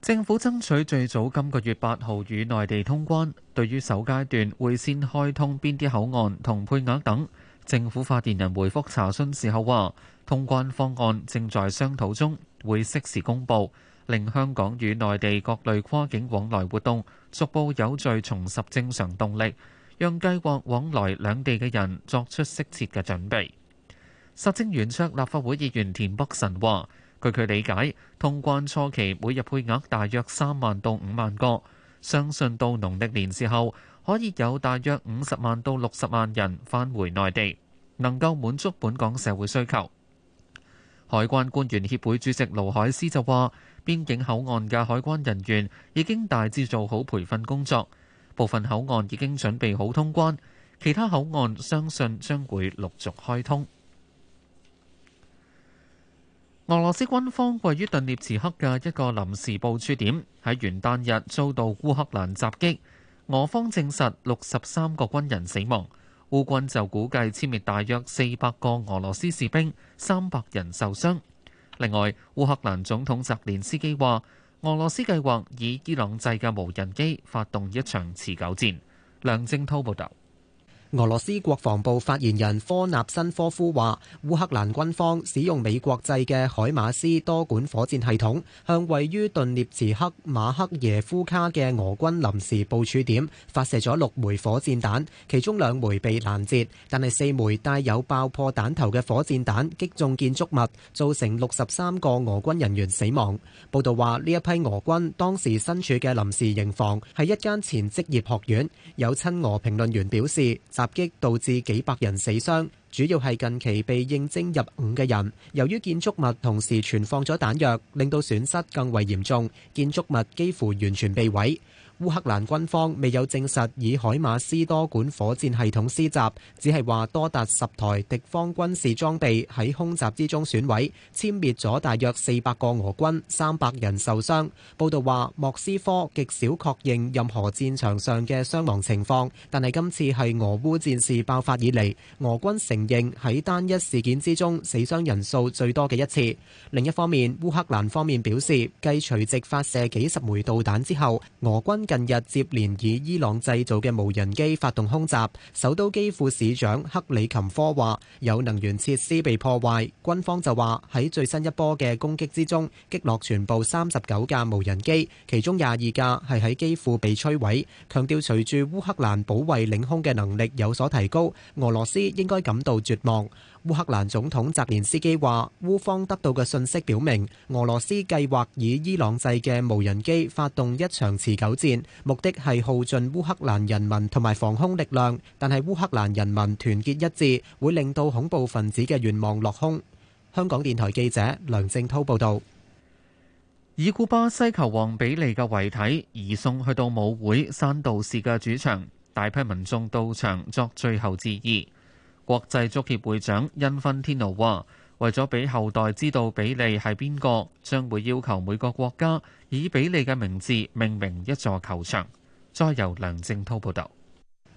政府爭取最早今個月八號與內地通關，對於首階段會先開通邊啲口岸同配額等。政府發言人回覆查詢時候話，通關方案正在商討中，會適時公佈，令香港與內地各類跨境往來活動逐步有序重拾正常動力，讓計劃往來兩地嘅人作出適切嘅準備。實政圓桌立法會議員田北辰話，據佢理解，通關初期每日配額大約三萬到五萬個，相信到農曆年之後。可以有大約五十萬到六十萬人返回內地，能夠滿足本港社會需求。海關官員協會主席盧海斯就話：邊境口岸嘅海關人員已經大致做好培訓工作，部分口岸已經準備好通關，其他口岸相信將會陸續開通。俄羅斯軍方位於頓涅茨克嘅一個臨時部署點喺元旦日遭到烏克蘭襲擊。俄方證實六十三個軍人死亡，烏軍就估計殲滅大約四百個俄羅斯士兵，三百人受傷。另外，烏克蘭總統澤連斯基話，俄羅斯計劃以伊朗製嘅無人機發動一場持久戰。梁正濤報道。俄羅斯國防部發言人科納申科夫話：烏克蘭軍方使用美國製嘅海馬斯多管火箭系統，向位於頓涅茨克馬克耶夫卡嘅俄軍臨時部署點發射咗六枚火箭彈，其中兩枚被攔截，但係四枚帶有爆破彈頭嘅火箭彈擊中建築物，造成六十三個俄軍人員死亡。報道話，呢一批俄軍當時身處嘅臨時營房係一間前職業學院。有親俄評論員表示。襲擊導致幾百人死傷，主要係近期被應徵入伍嘅人。由於建築物同時存放咗彈藥，令到損失更為嚴重，建築物幾乎完全被毀。烏克蘭軍方未有證實以海馬斯多管火箭系統施襲，只係話多達十台敵方軍事裝備喺空襲之中損毀，殲滅咗大約四百個俄軍，三百人受傷。報道話莫斯科極少確認任何戰場上嘅傷亡情況，但係今次係俄烏戰事爆發以嚟，俄軍承認喺單一事件之中死傷人數最多嘅一次。另一方面，烏克蘭方面表示，繼隨即發射幾十枚導彈之後，俄軍，近日接連以伊朗製造嘅無人機發動空襲，首都基輔市長克里琴科話有能源設施被破壞。軍方就話喺最新一波嘅攻擊之中擊落全部三十九架無人機，其中廿二架係喺基輔被摧毀。強調隨住烏克蘭保衛領空嘅能力有所提高，俄羅斯應該感到絕望。烏克蘭總統澤連斯基話：烏方得到嘅信息表明，俄羅斯計劃以伊朗製嘅無人機發動一場持久戰，目的係耗盡烏克蘭人民同埋防空力量。但係烏克蘭人民團結一致，會令到恐怖分子嘅願望落空。香港電台記者梁正濤報道。已故巴西球王比利嘅遺體移送去到球會山度士嘅主場，大批民眾到場作最後致意。國際足協會長恩芬天奴話，為咗俾後代知道比利係邊個，將會要求每個國家以比利嘅名字命名一座球場。再由梁正濤報道。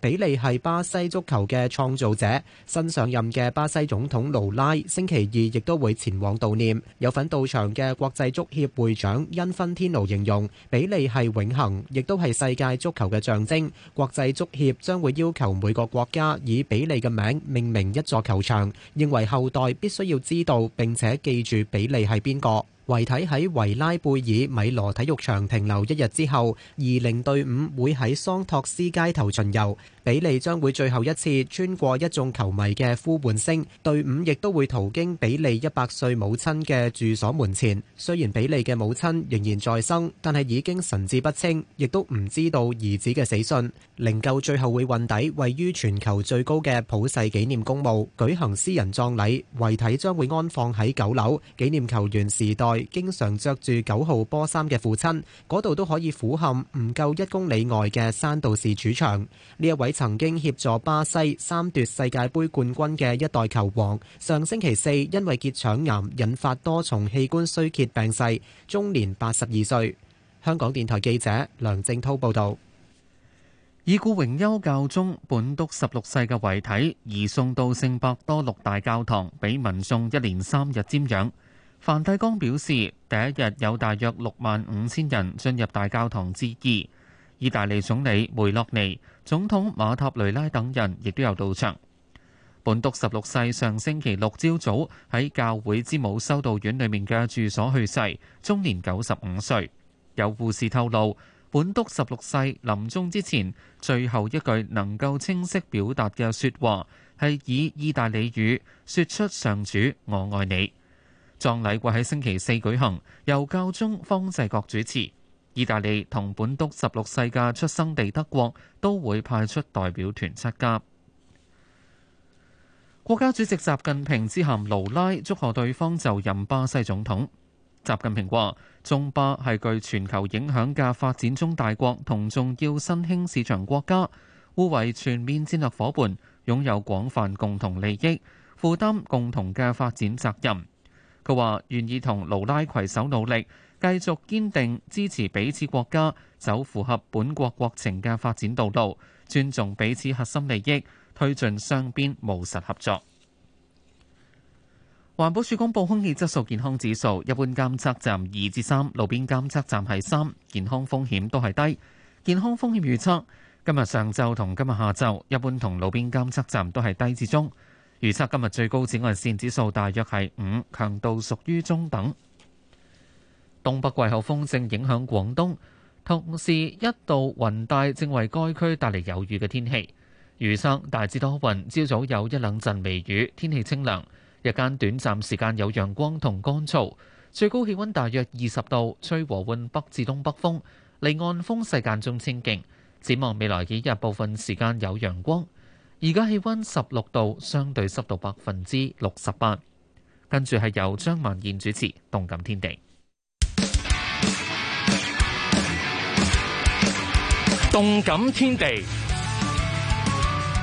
比利係巴西足球嘅創造者，新上任嘅巴西總統盧拉星期二亦都會前往悼念。有份到場嘅國際足協會長因芬天奴形容，比利係永恆，亦都係世界足球嘅象徵。國際足協將會要求每個國家以比利嘅名命名一座球場，認為後代必須要知道並且記住比利係邊個。遺體喺維拉貝爾米羅體育場停留一日之後，二零隊伍會喺桑托斯街頭巡遊，比利將會最後一次穿過一眾球迷嘅呼喚聲，隊伍亦都會途經比利一百歲母親嘅住所門前。雖然比利嘅母親仍然在生，但係已經神志不清，亦都唔知道兒子嘅死訊。靈柩最後會運抵位於全球最高嘅普世紀念公墓舉行私人葬禮，遺體將會安放喺九樓，紀念球員時代經常着住九號波衫嘅父親嗰度，都可以俯瞰唔夠一公里外嘅山度士主場。呢一位曾經協助巴西三奪世界盃冠軍嘅一代球王，上星期四因為結腸癌引發多重器官衰竭病逝，終年八十二歲。香港電台記者梁正滔報導。已故榮休教宗本篤十六世嘅遺體移送到聖伯多祿大教堂，俾民眾一連三日瞻仰。梵蒂岡表示，第一日有大約六萬五千人進入大教堂致意。意大利總理梅洛尼、總統馬塔雷拉等人亦都有到場。本篤十六世上星期六朝早喺教會之母修道院裏面嘅住所去世，終年九十五歲。有護士透露。本篤十六世臨終之前，最後一句能夠清晰表達嘅説話係以意大利語説出：上主，我愛你。葬禮會喺星期四舉行，由教宗方濟各主持。意大利同本篤十六世嘅出生地德國都會派出代表團參加。國家主席習近平致函盧拉，祝賀對方就任巴西總統。習近平話：中巴係具全球影響嘅發展中大國同重要新興市場國家，互為全面戰略夥伴，擁有廣泛共同利益，負擔共同嘅發展責任。佢話願意同盧拉攜手努力，繼續堅定支持彼此國家走符合本國國情嘅發展道路，尊重彼此核心利益，推進雙邊務實合作。環保署公布空氣質素健康指數，一般監測站二至三，路邊監測站係三，健康風險都係低。健康風險預測今日上晝同今日下晝，一般同路邊監測站都係低至中。預測今日最高紫外線指數大約係五，強度屬於中等。東北季候風正影響廣東，同時一道雲帶正為該區帶嚟有雨嘅天氣。預測大致多雲，朝早有一兩陣微雨，天氣清涼。日間短暫時間有陽光同乾燥，最高氣溫大約二十度，吹和緩北至東北風，離岸風勢間中清勁。展望未來幾日部分時間有陽光，而家氣溫十六度，相對濕度百分之六十八。跟住係由張萬燕主持《動感天地》，《動感天地》。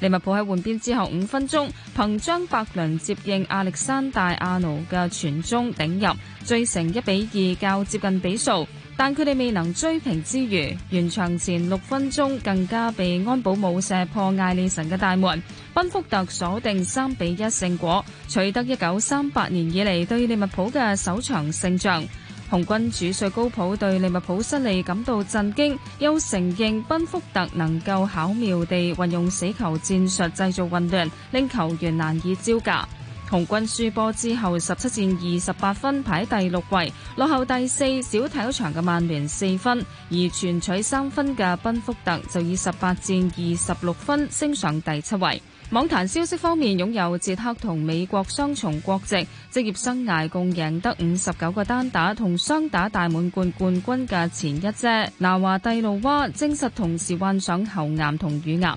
利物浦喺換邊之後五分鐘，憑張伯倫接應亞歷山大阿奴嘅傳中頂入，追成一比二較接近比數。但佢哋未能追平之餘，完場前六分鐘更加被安保姆射破艾利神嘅大門，賓福特鎖定三比一勝果，取得一九三八年以嚟對利物浦嘅首場勝仗。紅軍主帥高普對利物浦失利感到震驚，又承認賓福特能夠巧妙地運用死球戰術製造混亂，令球員難以招架。紅軍輸波之後，十七戰二十八分排第六位，落後第四，少體育場嘅曼聯四分，而全取三分嘅賓福特就以十八戰二十六分升上第七位。網壇消息方面，擁有捷克同美國雙重國籍，職業生涯共贏得五十九個單打同雙打大滿貫冠軍嘅前一姐拿華蒂露娃，證實同時患上喉癌同乳癌。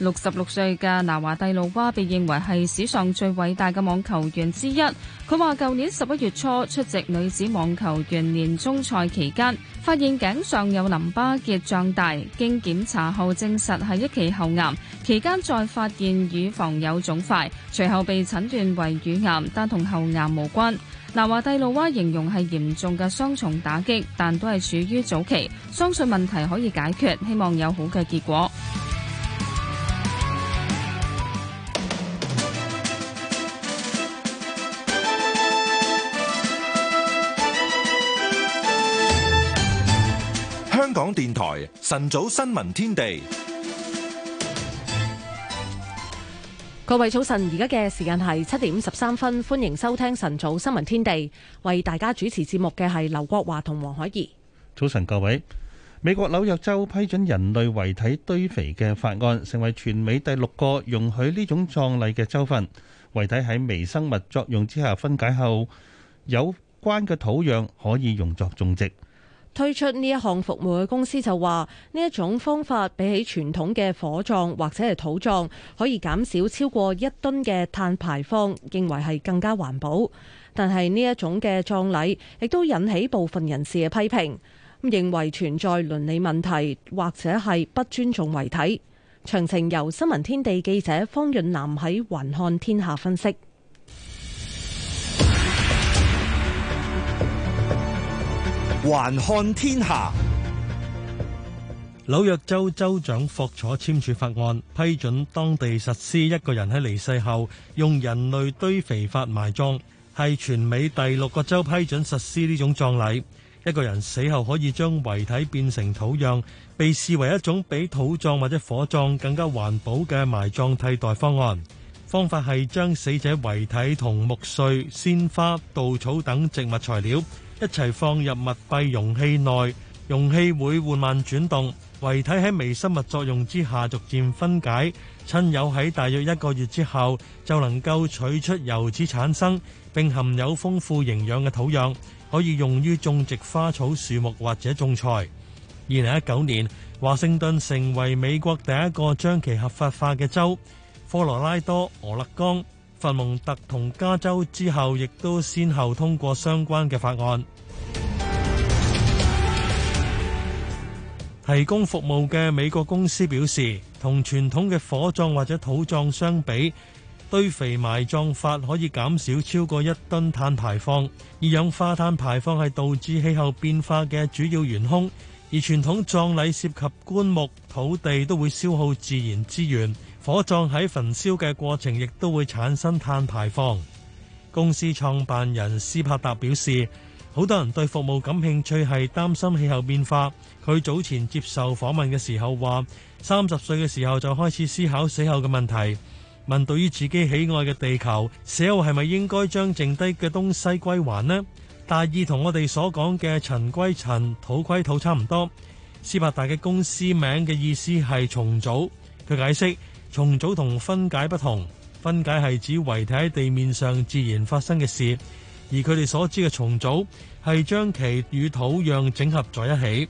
六十六歲嘅納華帝魯娃被認為係史上最偉大嘅網球員之一。佢話：舊年十一月初出席女子網球員年終賽期間，發現頸上有淋巴結脹大，經檢查後證實係一期喉癌。期間再發現乳房有腫塊，隨後被診斷為乳癌，但同喉癌無關。納華帝魯娃形容係嚴重嘅雙重打擊，但都係處於早期，相信問題可以解決，希望有好嘅結果。電台晨早新聞天地，各位早晨，而家嘅時間係七點十三分，歡迎收聽晨早新聞天地。為大家主持節目嘅係劉國華同黃海怡。早晨，各位，美國紐約州批准人類遺體堆肥嘅法案，成為全美第六個容許呢種葬禮嘅州份。遺體喺微生物作用之下分解後，有關嘅土壤可以用作種植。推出呢一項服務嘅公司就話，呢一種方法比起傳統嘅火葬或者係土葬，可以減少超過一噸嘅碳排放，認為係更加環保。但係呢一種嘅葬禮亦都引起部分人士嘅批評，咁認為存在倫理問題或者係不尊重遺體。詳情由新聞天地記者方潤南喺環看天下分析。還看天下。紐約州州長霍楚簽署法案，批准當地實施一個人喺離世後用人類堆肥法埋葬，係全美第六個州批准實施呢種葬禮。一個人死後可以將遺體變成土壤，被視為一種比土葬或者火葬更加環保嘅埋葬替代方案。方法係將死者遺體同木碎、鮮花、稻草等植物材料。一齊放入密閉容器內，容器會緩慢轉動，遺體喺微生物作用之下逐漸分解。親友喺大約一個月之後，就能夠取出由此產生並含有豐富營養嘅土壤，可以用於種植花草、樹木或者種菜。二零一九年，華盛頓成為美國第一個將其合法化嘅州——科羅拉多、俄勒岡、佛蒙特同加州之後，亦都先後通過相關嘅法案。提供服務嘅美國公司表示，同傳統嘅火葬或者土葬相比，堆肥埋葬法可以減少超過一噸碳排放。二氧化碳排放係導致氣候變化嘅主要元兇，而傳統葬禮涉及棺木、土地，都會消耗自然資源。火葬喺焚燒嘅過程，亦都會產生碳排放。公司創辦人斯帕達表示，好多人對服務感興趣係擔心氣候變化。佢早前接受訪問嘅時候話，三十歲嘅時候就開始思考死後嘅問題。問，對於自己喜愛嘅地球，死後係咪應該將剩低嘅東西歸還呢？大意同我哋所講嘅塵歸塵，土歸土差唔多。斯帕達嘅公司名嘅意思係重組。佢解釋。重組同分解不同，分解係指遺體喺地面上自然發生嘅事，而佢哋所知嘅重組係將其與土壤整合在一起。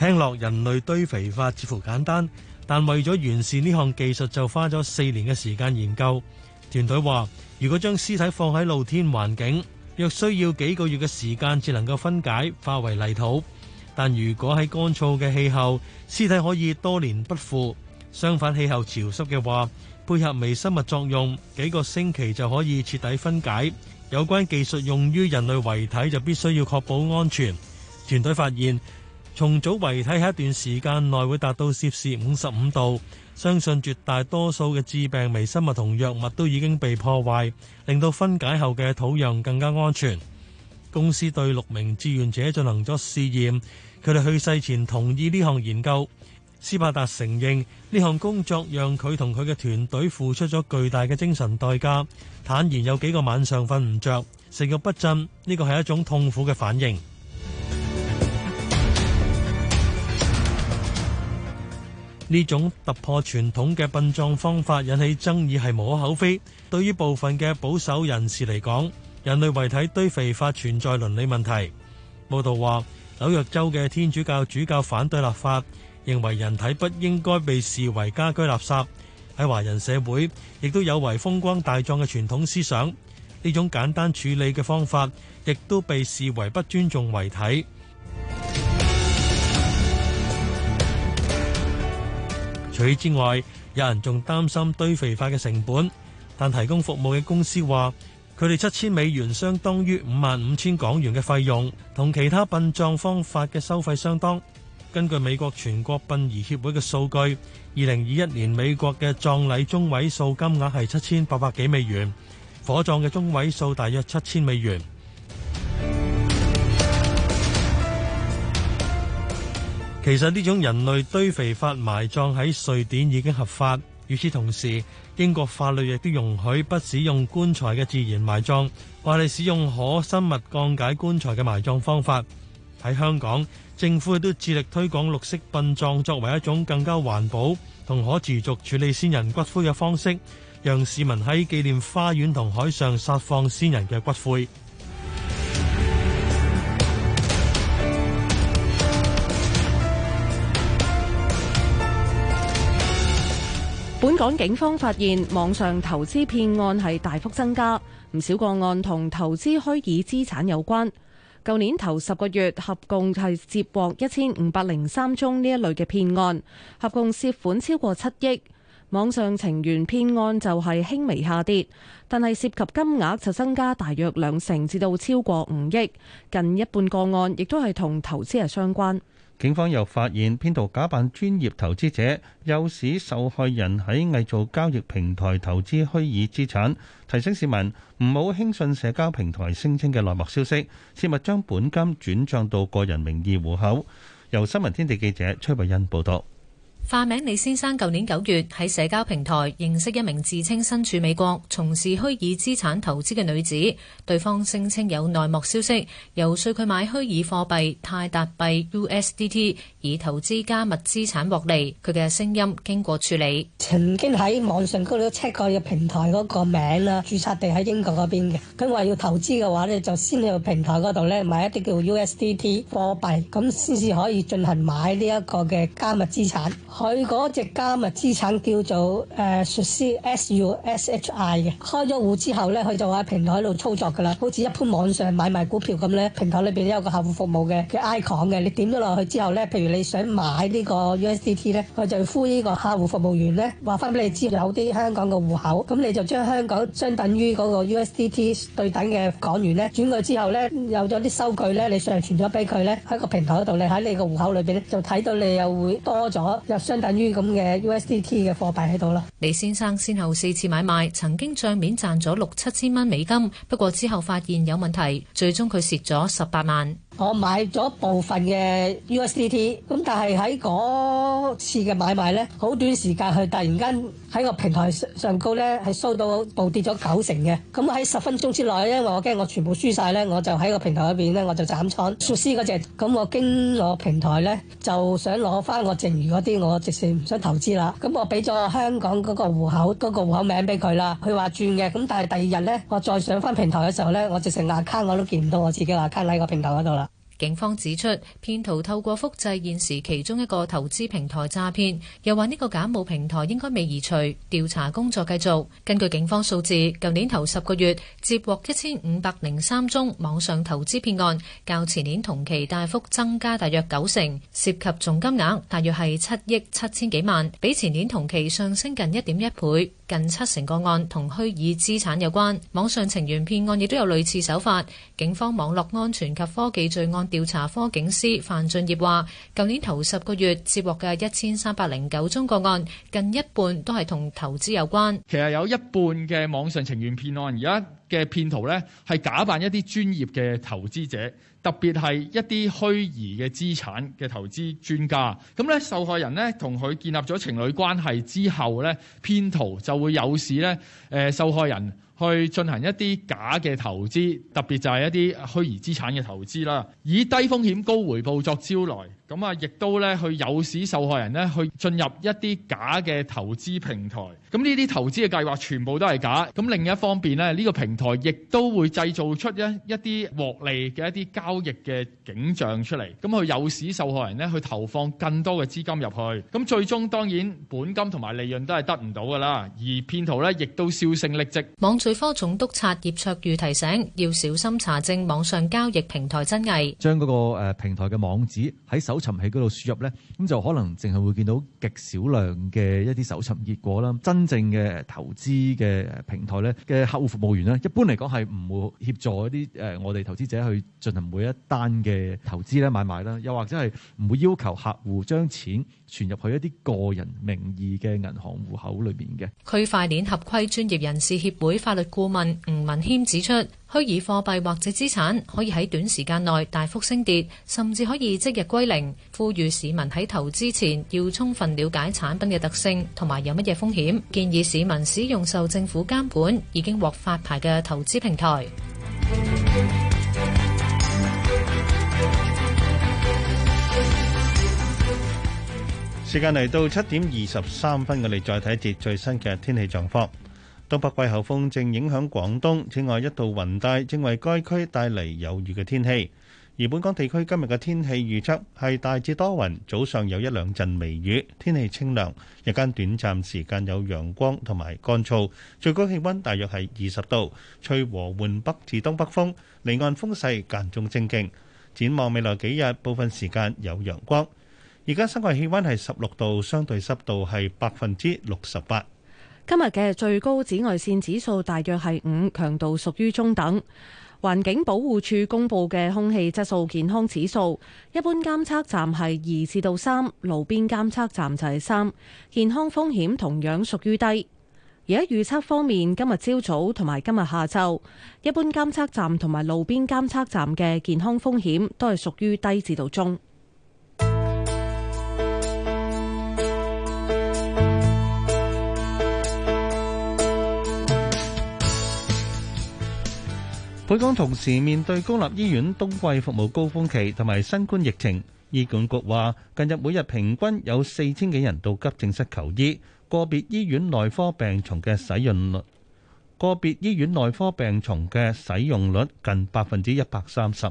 聽落人類堆肥法似乎簡單，但為咗完善呢項技術就花咗四年嘅時間研究。團隊話，如果將屍體放喺露天環境，若需要幾個月嘅時間至能夠分解化為泥土。但如果喺乾燥嘅氣候，屍體可以多年不腐；相反，氣候潮濕嘅話，配合微生物作用，幾個星期就可以徹底分解。有關技術用於人類遺體就必須要確保安全。團隊發現，重組遺體喺一段時間內會達到攝氏五十五度，相信絕大多數嘅致病微生物同藥物都已經被破壞，令到分解後嘅土壤更加安全。公司對六名志願者進行咗試驗。佢哋去世前同意呢項研究。斯巴達承認呢項工作讓佢同佢嘅團隊付出咗巨大嘅精神代價，坦言有幾個晚上瞓唔着，食欲不振，呢個係一種痛苦嘅反應。呢 <music> 種突破傳統嘅殯葬方法引起爭議係無可厚非。對於部分嘅保守人士嚟講，人類遺體堆肥法存在倫理問題。報道話。紐約州嘅天主教主教反對立法，認為人體不應該被視為家居垃圾。喺華人社會，亦都有違風光大葬嘅傳統思想。呢種簡單處理嘅方法，亦都被視為不尊重遺體。除此之外，有人仲擔心堆肥法嘅成本，但提供服務嘅公司話。佢哋七千美元相當於五萬五千港元嘅費用，同其他殯葬方法嘅收費相當。根據美國全國殯儀協會嘅數據，二零二一年美國嘅葬禮中位數金額係七千八百幾美元，火葬嘅中位數大約七千美元。其實呢種人類堆肥法埋葬喺瑞典已經合法，與此同時，英國法律亦都容許不使用棺材嘅自然埋葬，或係使用可生物降解棺材嘅埋葬方法。喺香港，政府亦都致力推廣綠色殯葬作為一種更加環保同可持續處理先人骨灰嘅方式，讓市民喺紀念花園同海上撒放先人嘅骨灰。本港警方發現網上投資騙案係大幅增加，唔少個案同投資虛擬資產有關。舊年頭十個月合共係接獲一千五百零三宗呢一類嘅騙案，合共涉款超過七億。網上情緣騙案就係輕微下跌，但係涉及金額就增加大約兩成，至到超過五億，近一半個案亦都係同投資係相關。警方又發現騙徒假扮專業投資者，誘使受害人喺偽造交易平台投資虛擬資產。提醒市民唔好輕信社交平台聲稱嘅內幕消息，切勿將本金轉帳到個人名義戶口。由新聞天地記者崔慧欣報道。化名李先生，舊年九月喺社交平台認識一名自稱身處美國、從事虛擬資產投資嘅女子，對方聲稱有內幕消息，遊說佢買虛擬貨幣泰達幣 （USDT） 以投資加密資產獲利。佢嘅聲音經過處理。曾經喺網上嗰度 check 過個平台嗰個名啦，註冊地喺英國嗰邊嘅。佢話要投資嘅話咧，就先喺個平台嗰度咧買一啲叫 USDT 貨幣，咁先至可以進行買呢一個嘅加密資產。佢嗰隻加密資產叫做誒術師 S U S H I 嘅，開咗戶之後咧，佢就喺平台度操作㗎啦，好似一般網上買賣股票咁咧，平台裏邊都有個客戶服務嘅叫 icon 嘅，你點咗落去之後咧，譬如你想買呢個 USDT 咧，佢就呼呢個客戶服務員咧話翻俾你知，有啲香港嘅戶口，咁你就將香港相等於嗰個 USDT 對等嘅港元咧轉佢之後咧，有咗啲收據咧，你上傳咗俾佢咧，喺個平台嗰度，你喺你個戶口裏邊咧就睇到你又會多咗又。相等於咁嘅 USDT 嘅貨幣喺度啦。李先生先後四次買賣，曾經帳面賺咗六七千蚊美金，不過之後發現有問題，最終佢蝕咗十八萬。我買咗部分嘅 USDT，咁但係喺嗰次嘅買賣咧，好短時間佢突然間喺個平台上高咧，係收到暴跌咗九成嘅。咁、嗯、喺十分鐘之內咧，因為我驚我全部輸晒咧，我就喺個平台入邊咧，我就斬倉鎖屍嗰隻。咁、嗯、我經我平台咧，就想攞翻個剩餘嗰啲，我直情唔想投資啦。咁、嗯、我俾咗香港嗰個戶口嗰、嗰個戶口名俾佢啦，佢話轉嘅。咁、嗯、但係第二日咧，我再上翻平台嘅時候咧，我直情 a 卡我都見唔到我自己 a 卡喺個平台嗰度啦。警方指出，騙徒透過複製現時其中一個投資平台詐騙，又話呢個假冒平台應該未移除，調查工作繼續。根據警方數字，舊年頭十個月接獲一千五百零三宗網上投資騙案，較前年同期大幅增加，大約九成，涉及總金額大約係七億七千幾萬，比前年同期上升近一點一倍。近七成個案同虛擬資產有關，網上情緣騙案亦都有類似手法。警方網絡安全及科技罪案調查科警司范俊業話，舊年頭十個月接獲嘅一千三百零九宗個案，近一半都係同投資有關。其實有一半嘅網上情緣騙案，而家嘅騙徒呢，係假扮一啲專業嘅投資者。特別係一啲虛擬嘅資產嘅投資專家，咁咧，受害人咧同佢建立咗情侶關係之後咧，騙徒就會有時咧誒受害人去進行一啲假嘅投資，特別就係一啲虛擬資產嘅投資啦，以低風險高回報作招來。咁啊，亦都咧去誘使受害人咧去進入一啲假嘅投資平台，咁呢啲投資嘅計劃全部都係假。咁另一方面咧，呢個平台亦都會製造出一一啲獲利嘅一啲交易嘅景象出嚟。咁去誘使受害人咧去投放更多嘅資金入去，咁最終當然本金同埋利潤都係得唔到噶啦。而騙徒咧亦都銷聲匿跡。網罪科總督察葉卓如提醒，要小心查證網上交易平台真偽，將嗰個誒平台嘅網址喺手。搜尋喺嗰度輸入咧，咁就可能淨係會見到極少量嘅一啲搜尋結果啦。真正嘅投資嘅平台咧嘅客戶服務員咧，一般嚟講係唔會協助一啲誒，我哋投資者去進行每一單嘅投資咧買賣啦，又或者係唔會要求客戶將錢。存入去一啲個人名義嘅銀行戶口裏面嘅。區塊鏈合規專業人士協會法律顧問吳文謙指出，虛擬貨幣或者資產可以喺短時間內大幅升跌，甚至可以即日歸零。呼籲市民喺投資前要充分了解產品嘅特性同埋有乜嘢風險，建議市民使用受政府監管、已經獲發牌嘅投資平台。時間嚟到七點二十三分，我哋再睇一節最新嘅天氣狀況。東北季候風正影響廣東，此外一道雲帶正為該區帶嚟有雨嘅天氣。而本港地區今日嘅天氣預測係大致多雲，早上有一兩陣微雨，天氣清涼，日間短暫時間有陽光同埋乾燥，最高氣温大約係二十度，吹和緩北至東北風，離岸風勢間中清勁。展望未來幾日，部分時間有陽光。而家室外氣溫係十六度，相對濕度係百分之六十八。今日嘅最高紫外線指數大約係五，強度屬於中等。環境保護署公布嘅空氣質素健康指數，一般監測站係二至到三，路邊監測站就係三，健康風險同樣屬於低。而喺預測方面，今日朝早同埋今日下晝，一般監測站同埋路邊監測站嘅健康風險都係屬於低至到中。本港同時面對公立醫院冬季服務高峰期同埋新冠疫情，醫管局話近日每日平均有四千幾人到急症室求醫，個別醫院內科病床嘅使用率，個別醫院內科病床嘅使用率近百分之一百三十。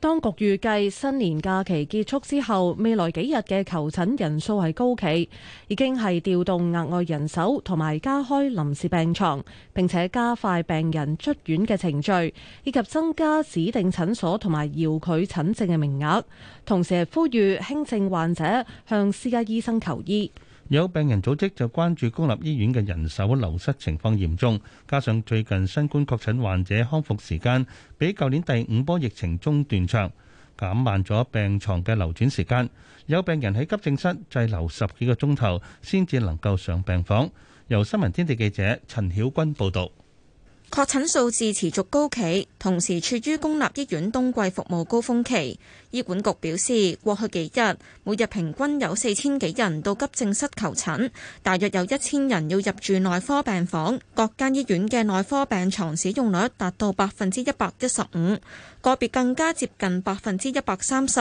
當局預計新年假期結束之後，未來幾日嘅求診人數係高企，已經係調動額外人手，同埋加開臨時病床，並且加快病人出院嘅程序，以及增加指定診所同埋遙距診症嘅名額，同時係呼籲輕症患者向私家醫生求醫。有病人組織就關注公立醫院嘅人手流失情況嚴重，加上最近新冠確診患者康復時間比舊年第五波疫情中段長，減慢咗病床嘅流轉時間。有病人喺急症室滯留十幾個鐘頭先至能夠上病房。由新聞天地記者陳曉君報導。確診數字持續高企，同時處於公立醫院冬季服務高峰期。醫管局表示，過去幾日每日平均有四千幾人到急症室求診，大約有一千人要入住內科病房。各間醫院嘅內科病床使用率達到百分之一百一十五，個別更加接近百分之一百三十。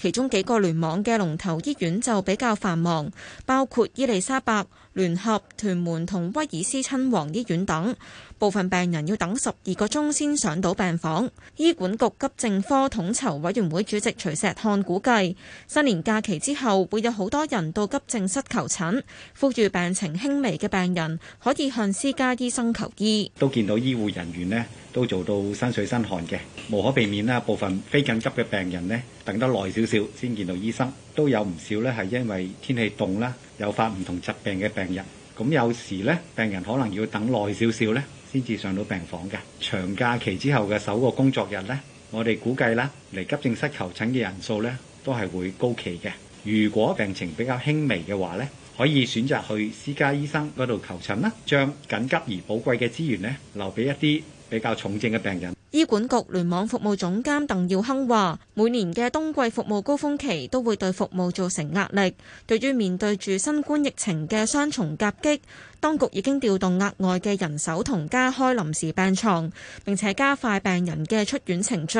其中幾個聯網嘅龍頭醫院就比較繁忙，包括伊利沙伯、聯合屯門同威爾斯親王醫院等，部分病人要等十二個鐘先上到病房。醫管局急症科統籌委員會主席徐石漢估計，新年假期之後會有好多人到急症室求診。呼籲病情輕微嘅病人可以向私家醫生求醫。都見到醫護人員咧，都做到身水身汗嘅，無可避免啦。部分非緊急嘅病人咧，等得耐少少先見到醫生，都有唔少咧，係因為天氣凍啦。有發唔同疾病嘅病人，咁有時呢病人可能要等耐少少呢先至上到病房㗎。長假期之後嘅首個工作日呢，我哋估計啦，嚟急症室求診嘅人數呢都係會高企嘅。如果病情比較輕微嘅話呢，可以選擇去私家醫生嗰度求診啦，將緊急而寶貴嘅資源呢，留畀一啲比較重症嘅病人。醫管局聯網服務總監鄧耀鏗話：每年嘅冬季服務高峰期都會對服務造成壓力，對於面對住新冠疫情嘅雙重夾擊。當局已經調動額外嘅人手同加開臨時病床，並且加快病人嘅出院程序，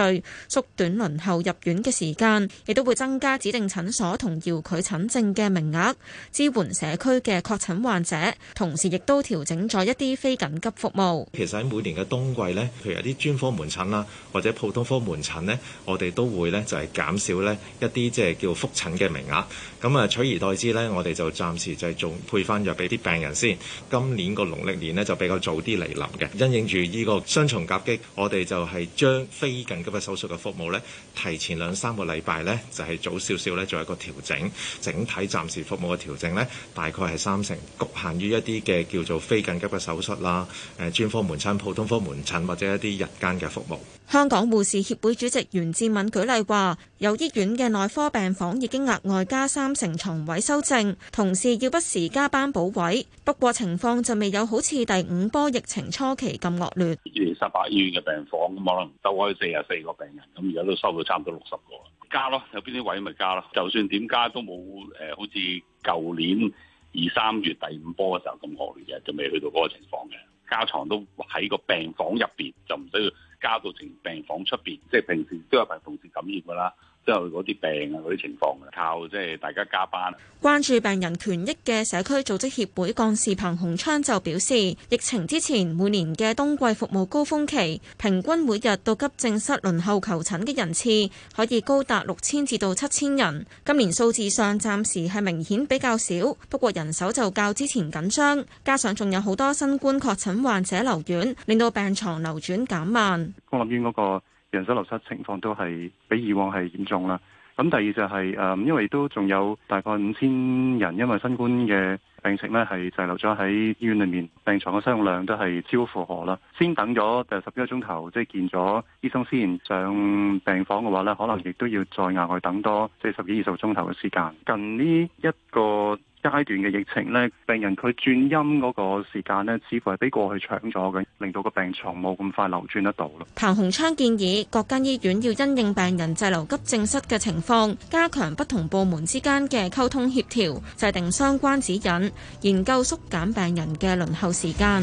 縮短輪候入院嘅時間，亦都會增加指定診所同遙距診症嘅名額，支援社區嘅確診患者。同時，亦都調整咗一啲非緊急服務。其實喺每年嘅冬季呢，譬如有啲專科門診啦，或者普通科門診呢，我哋都會呢，就係減少呢一啲即係叫覆診嘅名額。咁啊，取而代之呢，我哋就暫時就係仲配返藥俾啲病人先。今年個農曆年呢，就比較早啲嚟臨嘅，因應住呢個雙重夾擊，我哋就係將非緊急嘅手術嘅服務呢，提前兩三個禮拜呢，就係早少少呢做一個調整。整體暫時服務嘅調整呢，大概係三成，局限於一啲嘅叫做非緊急嘅手術啦，誒專科門診、普通科門診或者一啲日間嘅服務。香港護士協會主席袁志敏舉例話。有醫院嘅內科病房已經額外加三成牀位收症，同時要不時加班補位。不過情況就未有好似第五波疫情初期咁惡劣。二零三八醫院嘅病房咁，可能收開四十四個病人，咁而家都收到差唔多六十個啦。加咯，有邊啲位咪加咯。就算點加都冇誒，好似舊年二三月第五波嘅時候咁惡劣嘅，就未去到嗰個情況嘅。加床都喺個病房入邊，就唔需要加到成病房出邊。即、就、係、是、平時都有份同事感染噶啦。之係嗰啲病啊，嗰啲情況啊，靠即係大家加班。關注病人權益嘅社區組織協會幹事彭洪昌就表示，疫情之前每年嘅冬季服務高峰期，平均每日到急症室輪候求診嘅人次可以高達六千至到七千人。今年數字上暫時係明顯比較少，不過人手就較之前緊張，加上仲有好多新冠確診患者留院，令到病床流轉減慢。公立醫院嗰個。人手流失情況都係比以往係嚴重啦。咁第二就係誒，因為都仲有大概五千人，因為新冠嘅病情咧係滯留咗喺醫院裏面，病床嘅使用量都係超負荷啦。先等咗誒十幾個鐘頭，即係見咗醫生先上病房嘅話咧，可能亦都要再額外等多即係十幾二十個鐘頭嘅時間。近呢一個。階段嘅疫情呢，病人佢轉陰嗰個時間呢，似乎係比過去長咗嘅，令到個病床冇咁快流轉得到。彭洪昌建議各間醫院要因應病人滯留急症室嘅情況，加強不同部門之間嘅溝通協調，制定相關指引，研究縮減病人嘅輪候時間。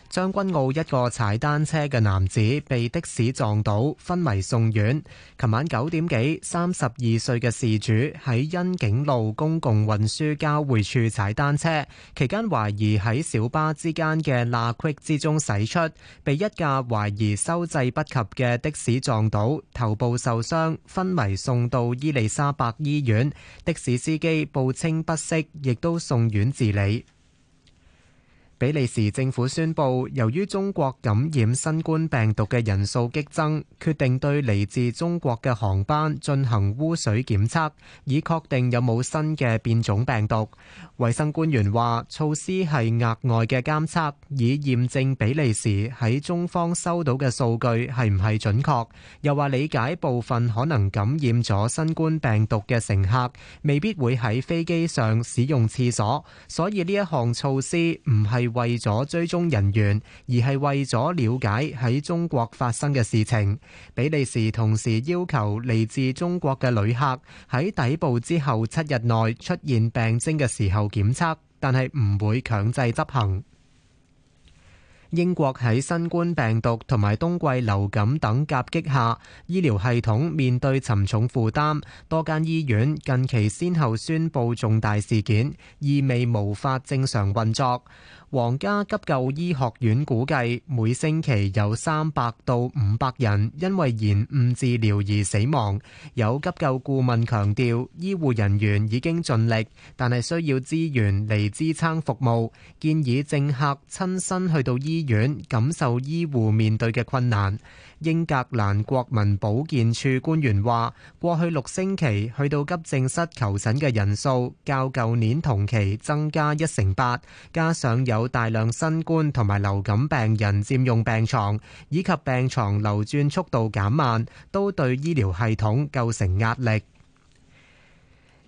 將軍澳一個踩單車嘅男子被的士撞到，昏迷送院。琴晚九點幾，三十二歲嘅事主喺欣景路公共運輸交匯處踩單車，期間懷疑喺小巴之間嘅罅隙之中駛出，被一架懷疑收掣不及嘅的、的士撞到，頭部受傷，昏迷送到伊利沙伯醫院。的士司機報稱不適，亦都送院治理。比利時政府宣布，由於中國感染新冠病毒嘅人數激增，決定對嚟自中國嘅航班進行污水檢測，以確定有冇新嘅變種病毒。衛生官員話，措施係額外嘅監測，以驗證比利時喺中方收到嘅數據係唔係準確。又話理解部分可能感染咗新冠病毒嘅乘客未必會喺飛機上使用廁所，所以呢一項措施唔係。為咗追蹤人員，而係為咗了，了解喺中國發生嘅事情。比利時同時要求嚟自中國嘅旅客喺抵埗之後七日內出現病徵嘅時候檢測，但係唔會強制執行。英國喺新冠病毒同埋冬季流感等夾擊下，醫療系統面對沉重負擔，多間醫院近期先後宣布重大事件，意味無法正常運作。皇家急救醫學院估計，每星期有三百到五百人因為延誤治療而死亡。有急救顧問強調，醫護人員已經盡力，但係需要資源嚟支撐服務。建議政客親身去到醫院，感受醫護面對嘅困難。英格蘭國民保健處官員話，過去六星期去到急症室求診嘅人數，較舊年同期增加一成八，加上有大量新冠同埋流感病人佔用病床，以及病床流轉速度減慢，都對醫療系統構成壓力。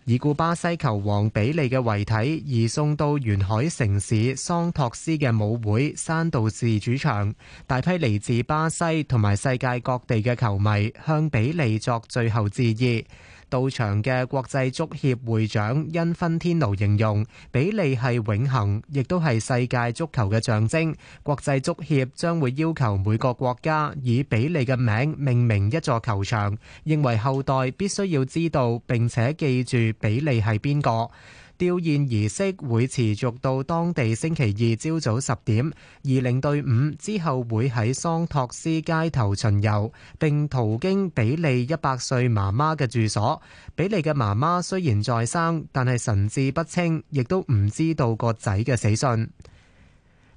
已故巴西球王比利嘅遺體移送到沿海城市桑托斯嘅舞會山道士主場，大批嚟自巴西同埋世界各地嘅球迷向比利作最後致意。到場嘅國際足協會長恩芬天奴形容，比利係永恒，亦都係世界足球嘅象徵。國際足協將會要求每個國家以比利嘅名命名一座球場，認為後代必須要知道並且記住比利係邊個。吊唁儀式會持續到當地星期二朝早十點，而領隊伍之後會喺桑托斯街頭巡遊，並途經比利一百歲媽媽嘅住所。比利嘅媽媽雖然在生，但係神志不清，亦都唔知道個仔嘅死訊。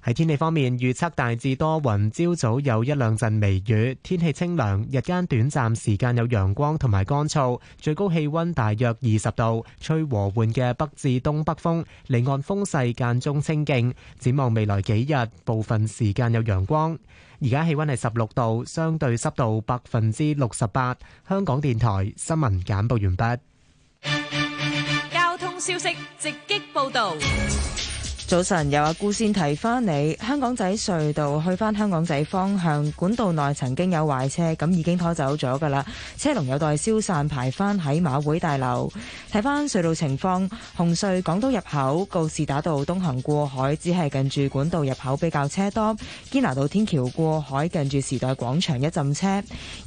喺天氣方面，預測大致多雲，朝早有一兩陣微雨，天氣清涼，日間短暫時間有陽光同埋乾燥，最高氣溫大約二十度，吹和緩嘅北至東北風，離岸風勢間中清勁。展望未來幾日，部分時間有陽光。而家氣溫係十六度，相對濕度百分之六十八。香港電台新聞簡報完畢。交通消息直擊報道。早晨，有阿姑先提翻你，香港仔隧道去返香港仔方向管道內曾經有壞車，咁已經拖走咗噶啦，車龍有待消散，排返喺馬會大樓。睇翻隧道情況，紅隧港島入口告士打道東行過海，只係近住管道入口比較車多；堅拿道天橋過海近住時代廣場一陣車。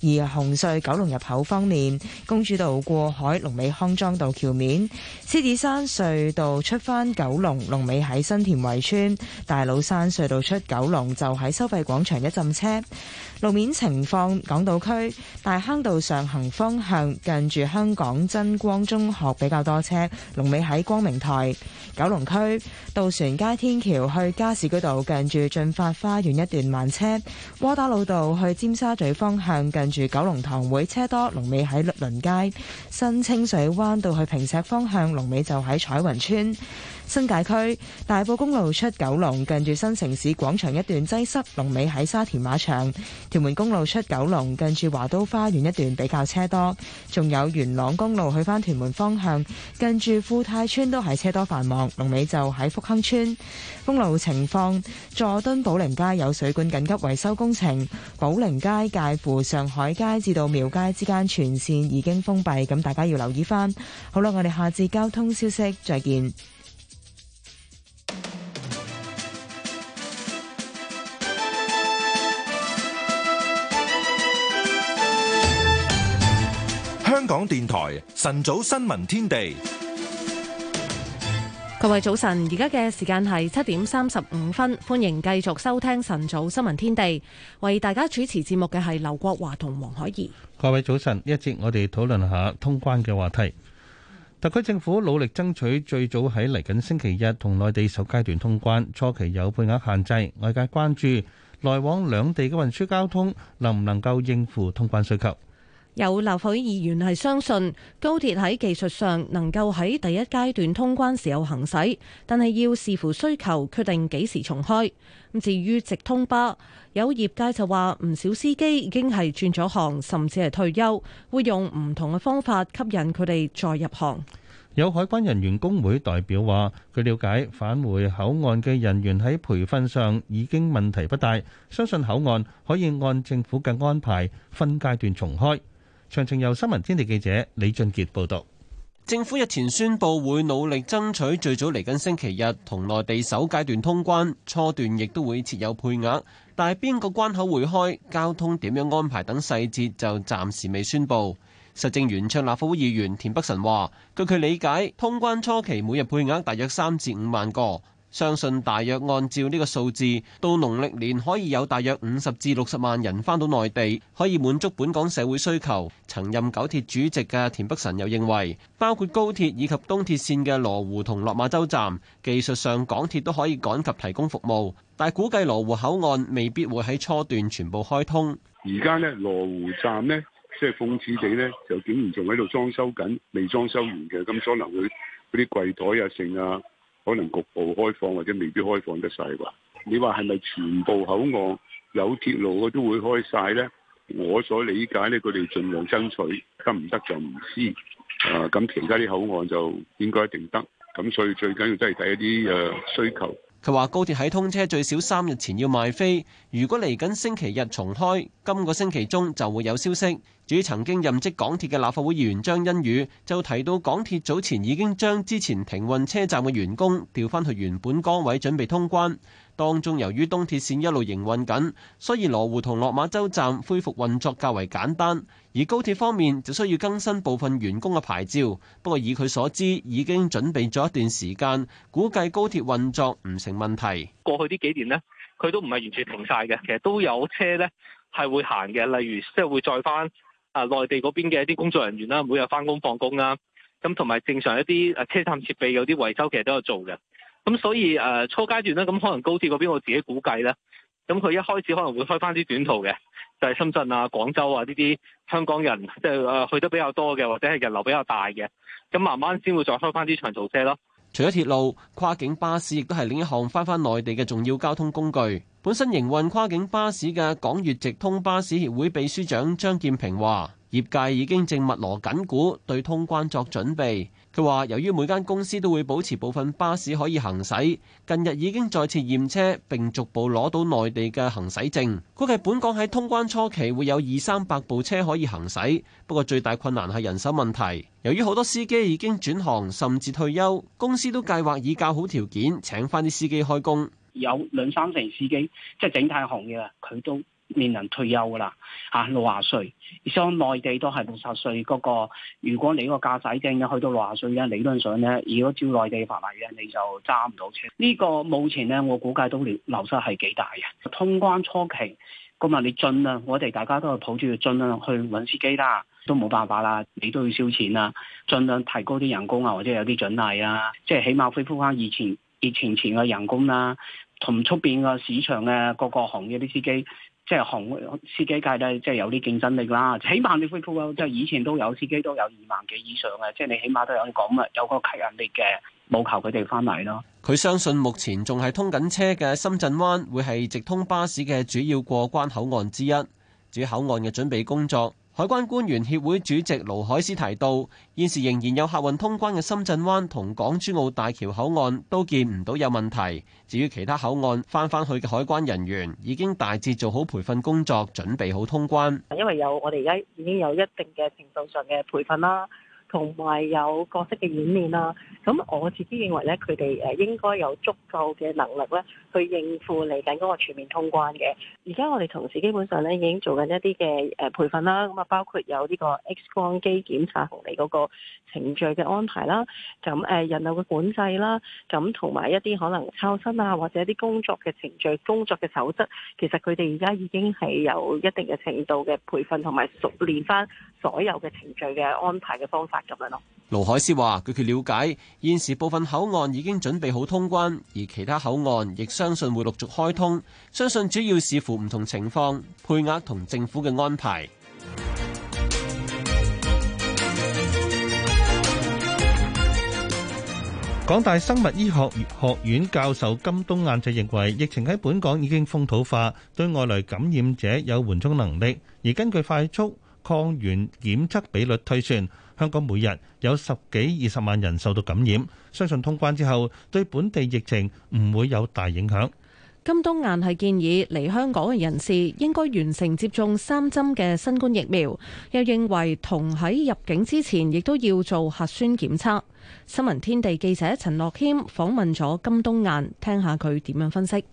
而紅隧九龍入口方面，公主道過海、龍尾康莊道橋面、獅子山隧道出翻九龍龍尾喺。新田圍村、大老山隧道出九龍就喺收費廣場一浸車。路面情況，港島區大坑道上行方向近住香港真光中學比較多車。龍尾喺光明台，九龍區渡船街天橋去加士居道近住進發花園一段慢車。窩打老道去尖沙咀方向近住九龍塘會車多，龍尾喺律倫街。新清水灣道去坪石方向龍尾就喺彩雲村。新界區大埔公路出九龍近住新城市廣場一段擠塞，龍尾喺沙田馬場。屯門公路出九龍，近住華都花園一段比較車多，仲有元朗公路去翻屯門方向，近住富泰村都係車多繁忙。龍尾就喺福亨村。封路情況，佐敦寶靈街有水管緊急維修工程，寶靈街介乎上海街至到廟街之間全綫已經封閉，咁大家要留意翻。好啦，我哋下節交通消息再見。港電台晨早新聞天地，各位早晨，而家嘅時間係七點三十五分，歡迎繼續收聽晨早新聞天地。為大家主持節目嘅係劉國華同黃海怡。各位早晨，一節我哋討論下通關嘅話題。特區政府努力爭取最早喺嚟緊星期一同內地首階段通關，初期有配額限制，外界關注來往兩地嘅運輸交通能唔能夠應付通關需求。有立法議員係相信高鐵喺技術上能夠喺第一階段通關時候行駛，但係要視乎需求決定幾時重開。咁至於直通巴，有業界就話唔少司機已經係轉咗行，甚至係退休，會用唔同嘅方法吸引佢哋再入行。有海關人員工會代表話，據了解返回口岸嘅人員喺培訓上已經問題不大，相信口岸可以按政府嘅安排分階段重開。詳情由新聞天地記者李俊杰報道。政府日前宣布會努力爭取最早嚟緊星期日同內地首階段通關，初段亦都會設有配額，但係邊個關口會開、交通點樣安排等細節就暫時未宣布。實政圓桌立法會議員田北辰話，據佢理解，通關初期每日配額大約三至五萬個。相信大約按照呢個數字，到農曆年可以有大約五十至六十萬人翻到內地，可以滿足本港社會需求。曾任九鐵主席嘅田北辰又認為，包括高鐵以及東鐵綫嘅羅湖同落馬洲站，技術上港鐵都可以趕及提供服務，但估計羅湖口岸未必會喺初段全部開通。而家呢，羅湖站呢，即係奉旨地呢，就竟然仲喺度裝修緊，未裝修完嘅，咁可能會嗰啲櫃台啊剩啊，等等啊可能局部開放或者未必開放得晒啩？你話係咪全部口岸有鐵路都會開晒呢？我所理解呢，佢哋盡量爭取，得唔得就唔知。啊，咁其他啲口岸就應該一定得。咁所以最緊要都係睇一啲誒、啊、需求。佢話：高鐵喺通車最少三日前要賣飛，如果嚟緊星期日重開，今個星期中就會有消息。至於曾經任職港鐵嘅立法會議員張欣宇，就提到港鐵早前已經將之前停運車站嘅員工調翻去原本崗位，準備通關。當中，由於東鐵線一路營運緊，所以羅湖同落馬洲站恢復運作較為簡單；而高鐵方面就需要更新部分員工嘅牌照。不過以佢所知，已經準備咗一段時間，估計高鐵運作唔成問題。過去呢幾年呢佢都唔係完全停晒嘅，其實都有車呢係會行嘅，例如即係會再翻啊內地嗰邊嘅一啲工作人員啦，每日翻工放工啦，咁同埋正常一啲啊車站設備有啲維修，其實都有做嘅。咁、嗯、所以誒、呃、初階段咧，咁、嗯、可能高鐵嗰邊我自己估計咧，咁、嗯、佢一開始可能會開翻啲短途嘅，就係、是、深圳啊、廣州啊呢啲香港人即係誒去得比較多嘅，或者係人流比較大嘅，咁、嗯、慢慢先會再開翻啲長途車咯。除咗鐵路，跨境巴士亦都係另一項翻翻內地嘅重要交通工具。本身營運跨境巴士嘅港粵直通巴士協會秘書長張建平話業界已經正密鑼緊鼓，對通關作準備。佢話：由於每間公司都會保持部分巴士可以行駛，近日已經再次驗車並逐步攞到內地嘅行駛證。估計本港喺通關初期會有二三百部車可以行駛，不過最大困難係人手問題。由於好多司機已經轉行甚至退休，公司都計劃以較好條件請返啲司機開工。有兩三成司機即係、就是、整體行嘅啦，佢都。面臨退休噶啦，嚇六十歲，而喺內地都係六十歲嗰、那個。如果你個駕駛證咧去到六十歲咧，理論上咧，如果照內地法例咧，你就揸唔到車。呢、這個目前咧，我估計都流失係幾大嘅。通關初期咁啊，你盡量我哋大家都係抱住盡量去揾司機啦，都冇辦法啦，你都要燒錢啦，盡量提高啲人工啊，或者有啲獎勵啊，即係起碼恢復翻以前、以前前嘅人工啦、啊，同出邊嘅市場嘅各個行業啲司機。即係紅司機界都即係有啲競爭力啦，起碼你恢復咯，即係以前都有司機都有二萬幾以上嘅，即係你起碼都有啲咁啊，有個吸引力嘅，冇求佢哋翻嚟咯。佢相信目前仲係通緊車嘅深圳灣會係直通巴士嘅主要過關口岸之一，至於口岸嘅準備工作。海關官員協會主席盧海斯提到，現時仍然有客運通關嘅深圳灣同港珠澳大橋口岸都見唔到有問題。至於其他口岸，返返去嘅海關人員，已經大致做好培訓工作，準備好通關。因為有我哋而家已經有一定嘅程度上嘅培訓啦。同埋有,有角色嘅演練啦，咁我自己認為咧，佢哋誒應該有足夠嘅能力咧，去應付嚟緊嗰個全面通關嘅。而家我哋同事基本上咧已經做緊一啲嘅誒培訓啦，咁啊包括有呢個 X 光機檢查同你嗰個程序嘅安排啦，咁誒人流嘅管制啦，咁同埋一啲可能抄身啊或者一啲工作嘅程序、工作嘅守則，其實佢哋而家已經係有一定嘅程度嘅培訓同埋熟練翻所有嘅程序嘅安排嘅方法。咁樣咯，盧海思話，據佢了解，現時部分口岸已經準備好通關，而其他口岸亦相信會陸續開通。相信主要視乎唔同情況、配額同政府嘅安排。港大生物醫學學院教授金東晏就認為，疫情喺本港已經風土化，對外來感染者有緩衝能力。而根據快速抗原檢測比率推算，香港每日有十幾二十萬人受到感染，相信通關之後對本地疫情唔會有大影響。金冬雁係建議嚟香港嘅人士應該完成接種三針嘅新冠疫苗，又認為同喺入境之前亦都要做核酸檢測。新聞天地記者陳樂謙訪問咗金冬雁，聽下佢點樣分析。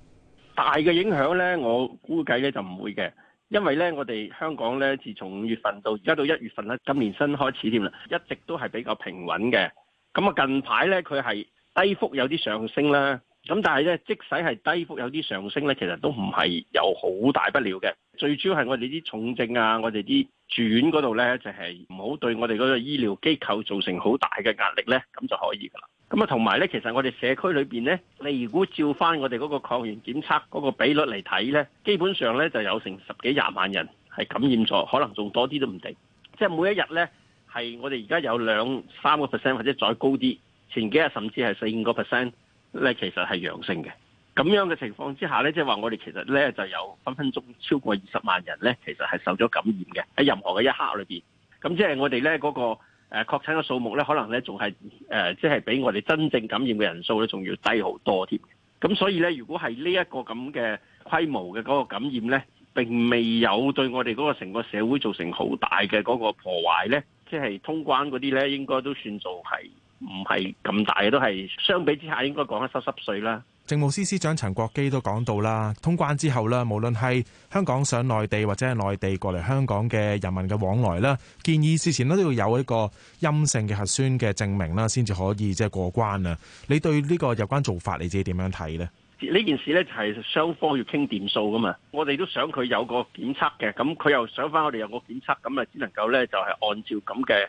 大嘅影響呢，我估計咧就唔會嘅。因為咧，我哋香港咧，自從五月份到而家到一月份咧，今年新開始添啦，一直都係比較平穩嘅。咁啊，近排咧佢係低幅有啲上升啦。咁但係咧，即使係低幅有啲上升咧，其實都唔係有好大不了嘅。最主要係我哋啲重症啊，我哋啲住院嗰度咧，就係唔好對我哋嗰個醫療機構造成好大嘅壓力咧，咁就可以噶啦。咁啊，同埋咧，其實我哋社區裏邊咧，你如果照返我哋嗰個抗原檢測嗰個比率嚟睇咧，基本上咧就有成十幾廿萬人係感染咗，可能仲多啲都唔定。即係每一日咧，係我哋而家有兩三個 percent 或者再高啲，前幾日甚至係四個 percent，咧其實係陽性嘅。咁樣嘅情況之下咧，即係話我哋其實咧就有分分鐘超過二十萬人咧，其實係受咗感染嘅喺任何嘅一刻裏邊。咁即係我哋咧嗰個。誒、啊、確診嘅數目咧，可能咧仲係誒，即係、呃就是、比我哋真正感染嘅人數咧，仲要低好多添。咁所以咧，如果係呢一個咁嘅規模嘅嗰個感染咧，並未有對我哋嗰個成個社會造成好大嘅嗰個破壞咧，即、就、係、是、通關嗰啲咧，應該都算做係唔係咁大嘅，都係相比之下應該講得濕濕碎啦。政務司司長陳國基都講到啦，通關之後啦，無論係香港上內地或者係內地過嚟香港嘅人民嘅往來啦，建議事前都要有一個陰性嘅核酸嘅證明啦，先至可以即係過關啊！你對呢個有關做法，你自己點樣睇呢？呢件事呢，就係雙方要傾掂數噶嘛，我哋都想佢有個檢測嘅，咁佢又想翻我哋有個檢測，咁啊只能夠呢，就係按照咁嘅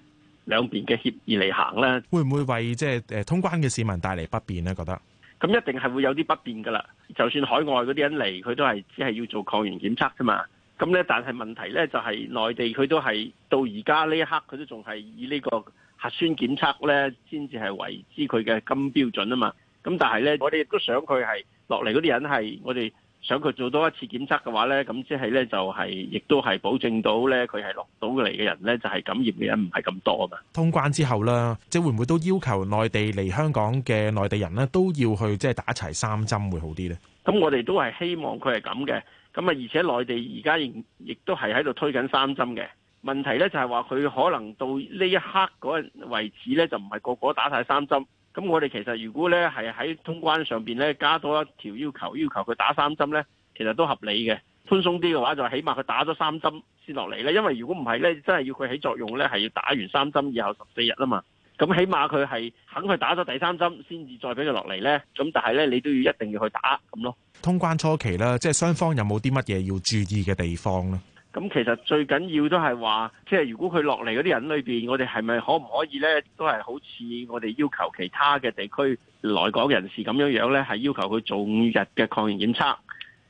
兩邊嘅協議嚟行啦。會唔會為即係誒通關嘅市民帶嚟不便呢？覺得？咁一定係會有啲不便噶啦，就算海外嗰啲人嚟，佢都係只係要做抗原檢測啫嘛。咁咧，但係問題咧就係、是、內地佢都係到而家呢一刻，佢都仲係以呢個核酸檢測咧先至係為之佢嘅金標準啊嘛。咁但係咧，我哋亦都想佢係落嚟嗰啲人係我哋。想佢做多一次檢測嘅話呢，咁即係呢就係，亦都係保證到呢佢係落到嚟嘅人呢，就係感染嘅人唔係咁多㗎嘛。通關之後啦，即係會唔會都要求內地嚟香港嘅內地人呢都要去即係打齊三針會好啲呢？咁我哋都係希望佢係咁嘅，咁啊而且內地而家亦亦都係喺度推緊三針嘅問題呢，就係話佢可能到呢一刻嗰陣為止呢，就唔係個個打晒三針。咁我哋其實如果咧係喺通關上邊咧加多一條要求，要求佢打三針咧，其實都合理嘅，寬鬆啲嘅話就起碼佢打咗三針先落嚟咧。因為如果唔係咧，真係要佢起作用咧，係要打完三針以後十四日啊嘛。咁起碼佢係肯去打咗第三針先至再俾佢落嚟咧。咁但係咧，你都要一定要去打咁咯。通關初期啦，即係雙方有冇啲乜嘢要注意嘅地方咧？咁其實最緊要都係話，即係如果佢落嚟嗰啲人裏邊，我哋係咪可唔可以呢？都係好似我哋要求其他嘅地區來港人士咁樣樣呢，係要求佢做五日嘅抗原檢測？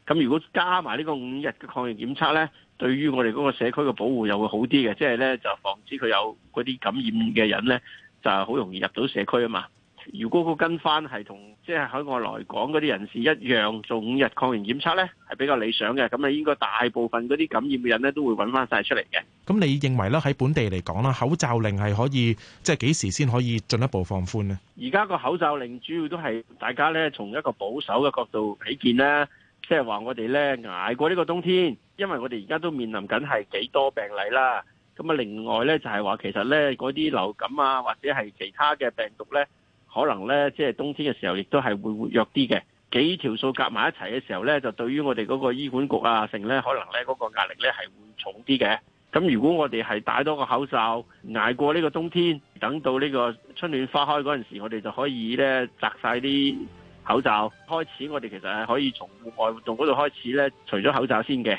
咁如果加埋呢個五日嘅抗原檢測呢，對於我哋嗰個社區嘅保護又會好啲嘅，即係呢，就防止佢有嗰啲感染嘅人呢，就係好容易入到社區啊嘛。如果佢跟翻係同。即係海外來港嗰啲人士一樣做五日抗原檢測咧，係比較理想嘅。咁啊，應該大部分嗰啲感染嘅人咧，都會揾翻晒出嚟嘅。咁你認為咧，喺本地嚟講啦，口罩令係可以即係幾時先可以進一步放寬呢？而家個口罩令主要都係大家咧從一個保守嘅角度起見啦，即係話我哋咧捱過呢個冬天，因為我哋而家都面臨緊係幾多病例啦。咁啊，另外咧就係話其實咧嗰啲流感啊，或者係其他嘅病毒咧。可能咧，即係冬天嘅時候，亦都係會弱啲嘅。幾條數夾埋一齊嘅時候咧，就對於我哋嗰個醫管局啊，成咧，可能咧嗰個壓力咧係會重啲嘅。咁如果我哋係戴多個口罩，捱過呢個冬天，等到呢個春暖花開嗰陣時，我哋就可以咧摘晒啲口罩，開始我哋其實係可以從戶外活動嗰度開始咧，除咗口罩先嘅。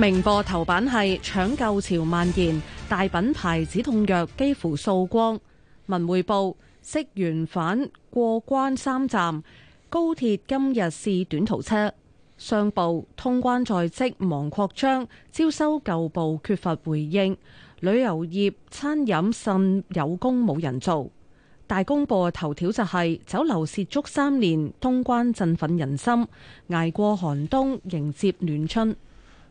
明報頭版係搶救潮蔓延，大品牌止痛藥幾乎掃光。文匯報職員返過關三站，高鐵今日試短途車。商報通關在即，忙擴張，招收舊部缺乏回應。旅遊業餐飲甚有工冇人做。大公報嘅頭條就係酒樓涉足三年通關振奮人心，挨過寒冬迎接暖春。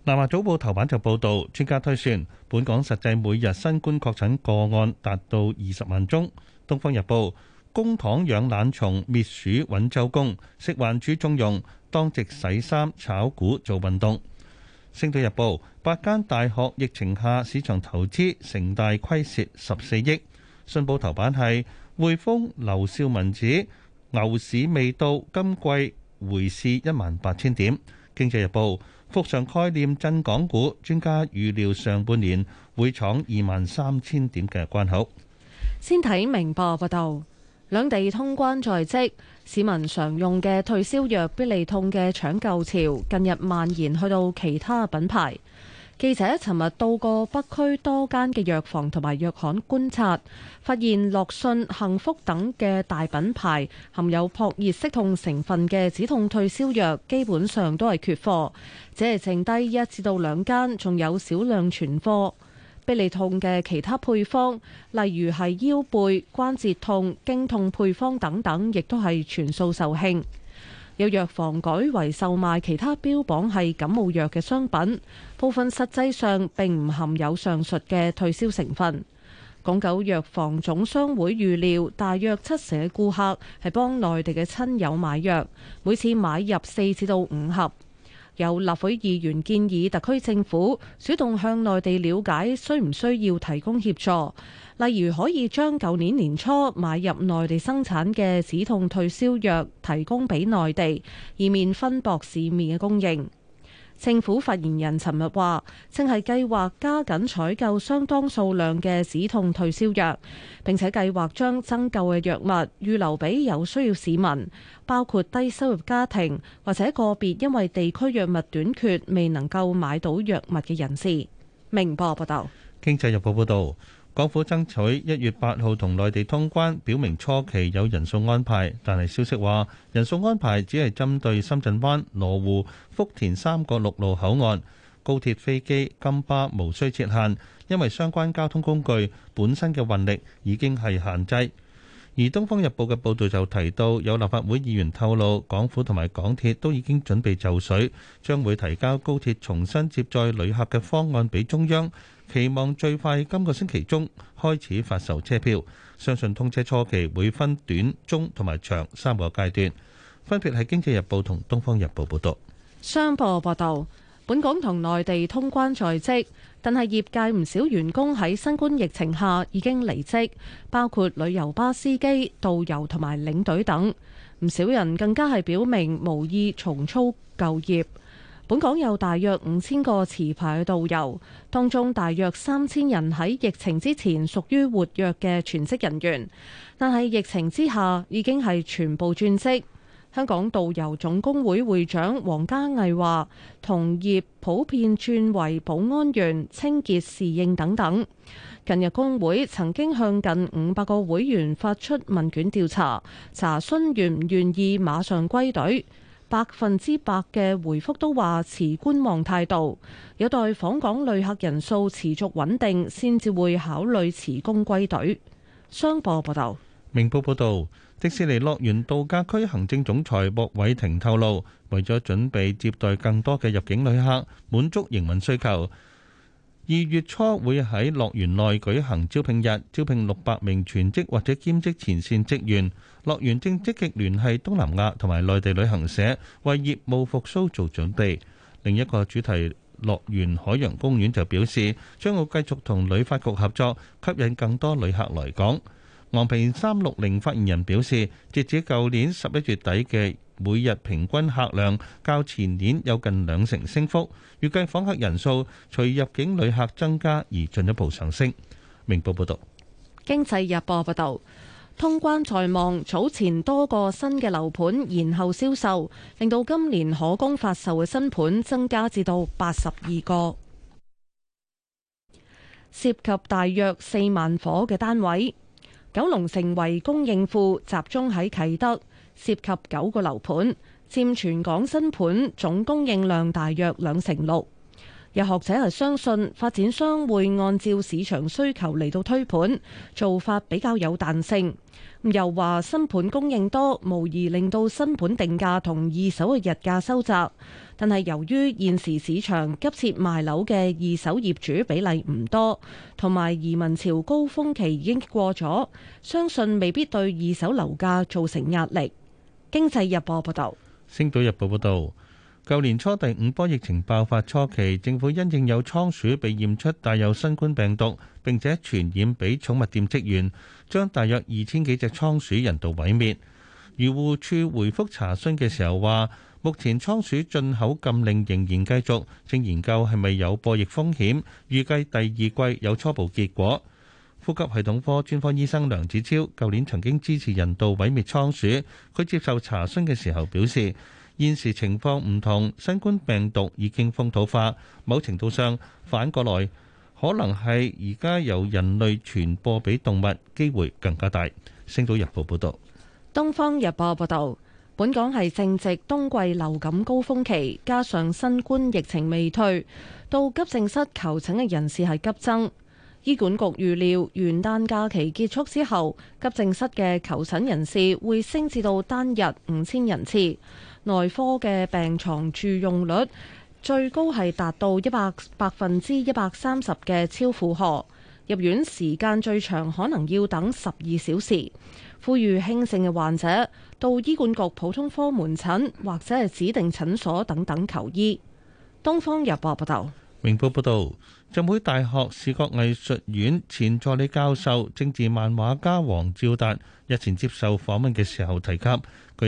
南華早報頭版就報道，專家推算，本港實際每日新冠確診個案達到二十萬宗。東方日報公帑養懶蟲，滅鼠搵周公，食環署中用，當值洗衫、炒股、做運動。星島日報八間大學疫情下市場投資成大虧蝕十四億。信報頭版係匯豐劉少文指，牛市未到，今季回市一萬八千點。經濟日報。復常概念、震港股，專家預料上半年會闖二萬三千點嘅關口。先睇明報報導，兩地通關在即，市民常用嘅退燒藥必利痛嘅搶購潮近日蔓延去到其他品牌。記者尋日到過北區多間嘅藥房同埋藥行觀察，發現樂信、幸福等嘅大品牌含有撲熱息痛成分嘅止痛退燒藥基本上都係缺貨只，只係剩低一至到兩間，仲有少量存貨。必理痛嘅其他配方，例如係腰背、關節痛、經痛配方等等，亦都係全數售罄。有藥房改為售賣其他標榜係感冒藥嘅商品。部分實際上並唔含有上述嘅退燒成分。港九藥房總商會預料，大約七成嘅顧客係幫內地嘅親友買藥，每次買入四至到五盒。有立會議員建議，特區政府主動向內地了解需唔需要提供協助，例如可以將舊年年初買入內地生產嘅止痛退燒藥提供俾內地，以免分薄市面嘅供應。政府發言人尋日話，正係計劃加緊採購相當數量嘅止痛退燒藥，並且計劃將增購嘅藥物預留俾有需要市民，包括低收入家庭或者個別因為地區藥物短缺未能夠買到藥物嘅人士。明報報道，經濟日報報道。港府爭取一月八號同內地通關，表明初期有人數安排，但係消息話，人數安排只係針對深圳灣、羅湖、福田三個陸路口岸，高鐵、飛機、金巴無需設限，因為相關交通工具本身嘅運力已經係限制。而《東方日報》嘅報導就提到，有立法會議員透露，港府同埋港鐵都已經準備就緒，將會提交高鐵重新接載旅客嘅方案俾中央。期望最快今個星期中開始發售車票，相信通車初期會分短、中同埋長三個階段。分別係《經濟日報》同《東方日報》報道。商報報道，本港同內地通關在即，但係業界唔少員工喺新冠疫情下已經離職，包括旅遊巴司機、導遊同埋領隊等。唔少人更加係表明無意重操舊業。本港有大約五千個持牌嘅導遊，當中大約三千人喺疫情之前屬於活躍嘅全職人員，但係疫情之下已經係全部轉職。香港導遊總工會會長黃嘉毅話，同業普遍轉為保安員、清潔、侍應等等。近日工會曾經向近五百個會員發出問卷調查，查詢願唔願意馬上歸隊。百分之百嘅回覆都話持觀望態度，有待訪港旅客人數持續穩定先至會考慮辭工歸隊商報報道，明報報道，迪士尼樂園度假區行政總裁莫偉霆透露，為咗準備接待更多嘅入境旅客，滿足營運需求。二月初會喺樂園內舉行招聘日，招聘六百名全職或者兼職前線職員。樂園正積極聯繫東南亞同埋內地旅行社，為業務復甦做準備。另一個主題樂園海洋公園就表示，將會繼續同旅發局合作，吸引更多旅客來港。昂坪三六零發言人表示，截至舊年十一月底嘅。每日平均客量較前年有近兩成升幅，預計訪客人數隨入境旅客增加而進一步上升。明報報道經濟日報報道通關在望，早前多個新嘅樓盤延後銷售，令到今年可供發售嘅新盤增加至到八十二個涉及大約四萬伙嘅單位。九龍城為供應庫集中喺啟德。涉及九個樓盤，佔全港新盤總供應量大約兩成六。有學者係相信，發展商會按照市場需求嚟到推盤，做法比較有彈性。又話新盤供應多，無疑令到新盤定價同二手嘅日價收窄。但係由於現時市場急切賣樓嘅二手業主比例唔多，同埋移民潮高峰期已經過咗，相信未必對二手樓價造成壓力。經濟日報報道，星島日報報道，舊年初第五波疫情爆發初期，政府因應有倉鼠被驗出帶有新冠病毒，並且傳染俾寵物店職員，將大約二千幾隻倉鼠人道毀滅。漁護署回覆查詢嘅時候話，目前倉鼠進口禁令仍然繼續，正研究係咪有播疫風險，預計第二季有初步結果。呼吸系統科專科醫生梁子超，舊年曾經支持人道毀滅倉鼠。佢接受查詢嘅時候表示，現時情況唔同，新冠病毒已經風土化，某程度上反過來可能係而家由人類傳播俾動物機會更加大。星島日報報道：「東方日報報道，本港係正值冬季流感高峰期，加上新冠疫情未退，到急症室求診嘅人士係急增。醫管局預料元旦假期結束之後，急症室嘅求診人士會升至到單日五千人次，內科嘅病床住用率最高係達到一百百分之一百三十嘅超負荷，入院時間最長可能要等十二小時。呼籲輕症嘅患者到醫管局普通科門診或者係指定診所等等求醫。東方日報報道。明報報道，浸會大學視覺藝術院前助理教授、政治漫畫家黃照達日前接受訪問嘅時候提及，佢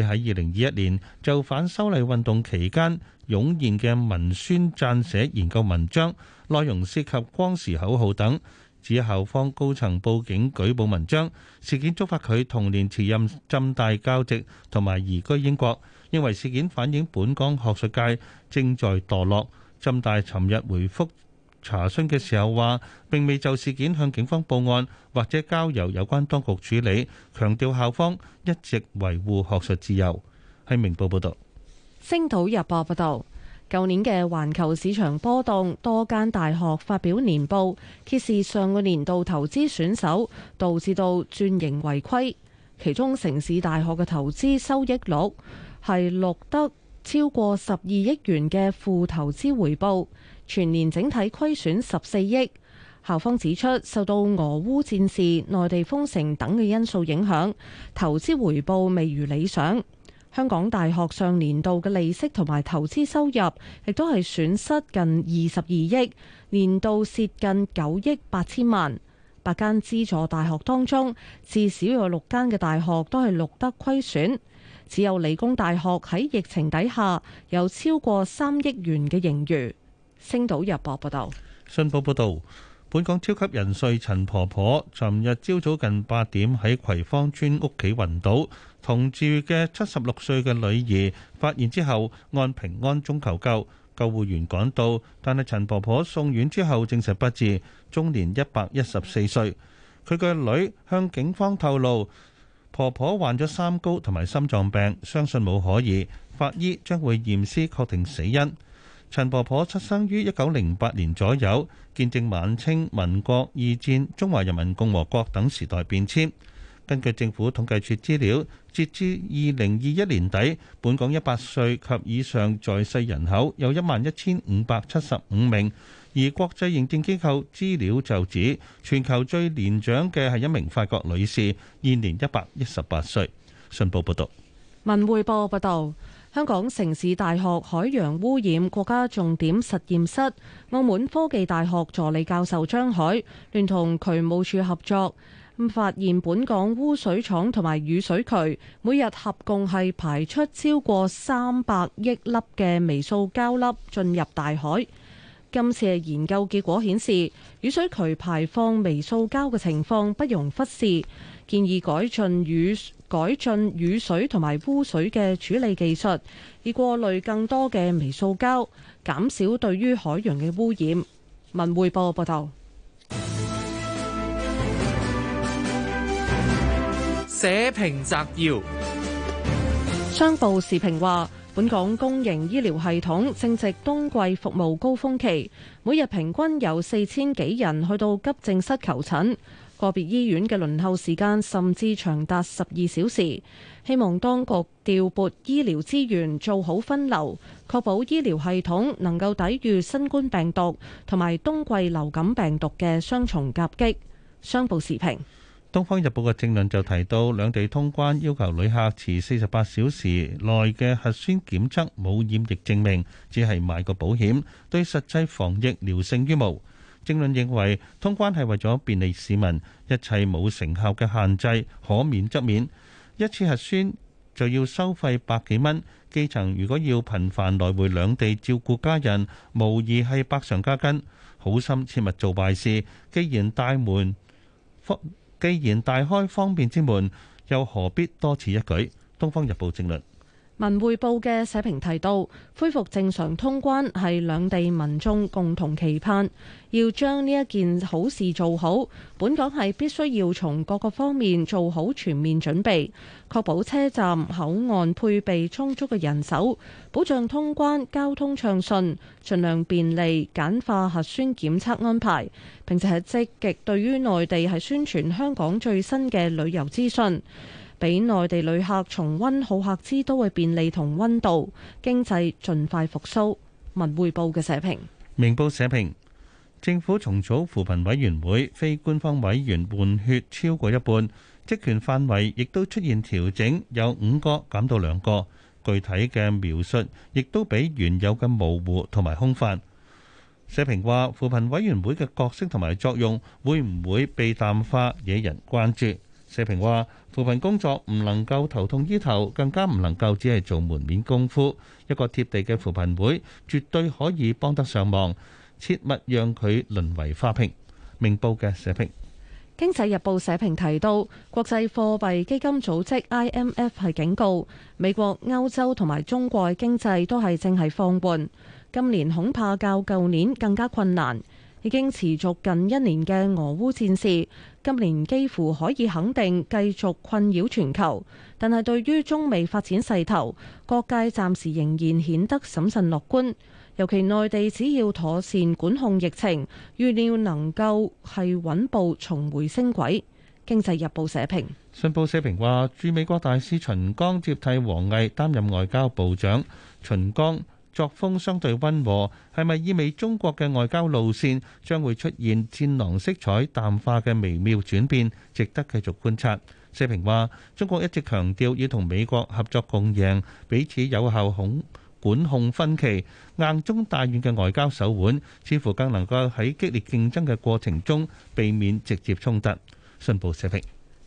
喺二零二一年就反修例運動期間湧現嘅文宣撰寫研究文章，內容涉及光時口號等，指校方高層報警舉報文章，事件觸發佢同年辭任浸大教席同埋移居英國，認為事件反映本港學術界正在墮落。浸大尋日回覆查詢嘅時候話，並未就事件向警方報案或者交由有關當局處理，強調校方一直維護學術自由。係明報報道，星島日報報道，舊年嘅環球市場波動，多間大學發表年報，揭示上個年度投資損手導致到轉型違規。其中城市大學嘅投資收益率係錄得超過十二億元嘅負投資回報，全年整體虧損十四億。校方指出，受到俄烏戰事、內地封城等嘅因素影響，投資回報未如理想。香港大學上年度嘅利息同埋投資收入，亦都係損失近二十二億，年度蝕近九億八千萬。八間資助大學當中，至少有六間嘅大學都係錄得虧損。只有理工大學喺疫情底下有超過三億元嘅盈餘。星島日報報道，信報報道，本港超級人瑞陳婆婆，尋日朝早近八點喺葵芳邨屋企暈倒，同住嘅七十六歲嘅女兒發現之後按平安鐘求救，救護員趕到，但係陳婆婆送院之後證實不治，終年一百一十四歲，佢嘅女向警方透露。婆婆患咗三高同埋心臟病，相信冇可疑，法醫將會驗屍，確定死因。陳婆婆出生於一九零八年左右，見證晚清、民國、二戰、中華人民共和國等時代變遷。根據政府統計處資料，截至二零二一年底，本港一百歲及以上在世人口有一萬一千五百七十五名。而國際認證機構資料就指，全球最年長嘅係一名法國女士，現年一百一十八歲。信報報道，文匯報報導，香港城市大學海洋污染國家重點實驗室、澳門科技大學助理教授張海，聯同渠務署合作，發現本港污水廠同埋雨水渠，每日合共係排出超過三百億粒嘅微塑膠粒進入大海。今次嘅研究結果顯示，雨水渠排放微塑膠嘅情況不容忽視，建議改進雨改進雨水同埋污水嘅處理技術，以過濾更多嘅微塑膠，減少對於海洋嘅污染。文匯報報道。社評摘要，商報時評話。本港公營醫療系統正值冬季服務高峰期，每日平均有四千幾人去到急症室求診，個別醫院嘅輪候時間甚至長達十二小時。希望當局調撥醫療資源，做好分流，確保醫療系統能夠抵禦新冠病毒同埋冬季流感病毒嘅雙重夾擊。商報時評。《東方日報》嘅政論就提到，兩地通關要求旅客持四十八小時內嘅核酸檢測冇染疫證明，只係買個保險，對實際防疫聊勝於無。政論認為，通關係為咗便利市民，一切冇成效嘅限制可免則免。一次核酸就要收費百幾蚊，基層如果要頻繁來回兩地照顧家人，無疑係百上加斤。好心切勿做壞事，既然大門封。既然大開方便之門，又何必多此一舉？《東方日報》正論。文匯報嘅社評提到，恢復正常通關係兩地民眾共同期盼，要將呢一件好事做好，本港係必須要從各個方面做好全面準備，確保車站口岸配備充足嘅人手，保障通關交通暢順，盡量便利簡化核酸檢測安排，並且係積極對於內地係宣傳香港最新嘅旅遊資訊。俾內地旅客重溫好客之都嘅便利同溫度，經濟盡快復甦。文匯報嘅社評，明報社評，政府重組扶貧委員會非官方委員換血超過一半，職權範圍亦都出現調整，有五個減到兩個，具體嘅描述亦都比原有嘅模糊同埋空泛。社評話扶貧委員會嘅角色同埋作用會唔會被淡化，惹人關注？社評話扶貧工作唔能夠頭痛醫頭，更加唔能夠只係做門面功夫。一個貼地嘅扶貧會，絕對可以幫得上忙，切勿讓佢淪為花瓶。明報嘅社評，《經濟日報》社評提到，國際貨幣基金組織 IMF 係警告，美國、歐洲同埋中國經濟都係正係放緩，今年恐怕較舊年更加困難。已經持續近一年嘅俄烏戰事。今年幾乎可以肯定繼續困擾全球，但係對於中美發展勢頭，各界暫時仍然顯得審慎樂觀。尤其內地只要妥善管控疫情，預料能夠係穩步重回升軌。經濟日報社評。信報社評話，駐美國大使秦剛接替王毅擔任外交部長。秦剛。作風相對溫和，係咪意味中國嘅外交路線將會出現戰狼色彩淡化嘅微妙轉變？值得繼續觀察。社評話：中國一直強調要同美國合作共贏，彼此有效控管控分歧，硬中帶軟嘅外交手腕似乎更能夠喺激烈競爭嘅過程中避免直接衝突。信報社評。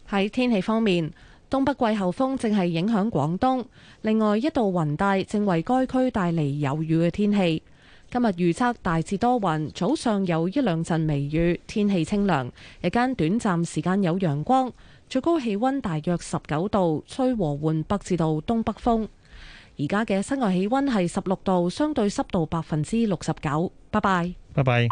喺天氣方面。東北季候風正係影響廣東，另外一度雲帶正為該區帶嚟有雨嘅天氣。今日預測大致多雲，早上有一兩陣微雨，天氣清涼，日間短暫時間有陽光，最高氣溫大約十九度，吹和緩北至到東北風。而家嘅室外氣溫係十六度，相對濕度百分之六十九。拜拜，拜拜。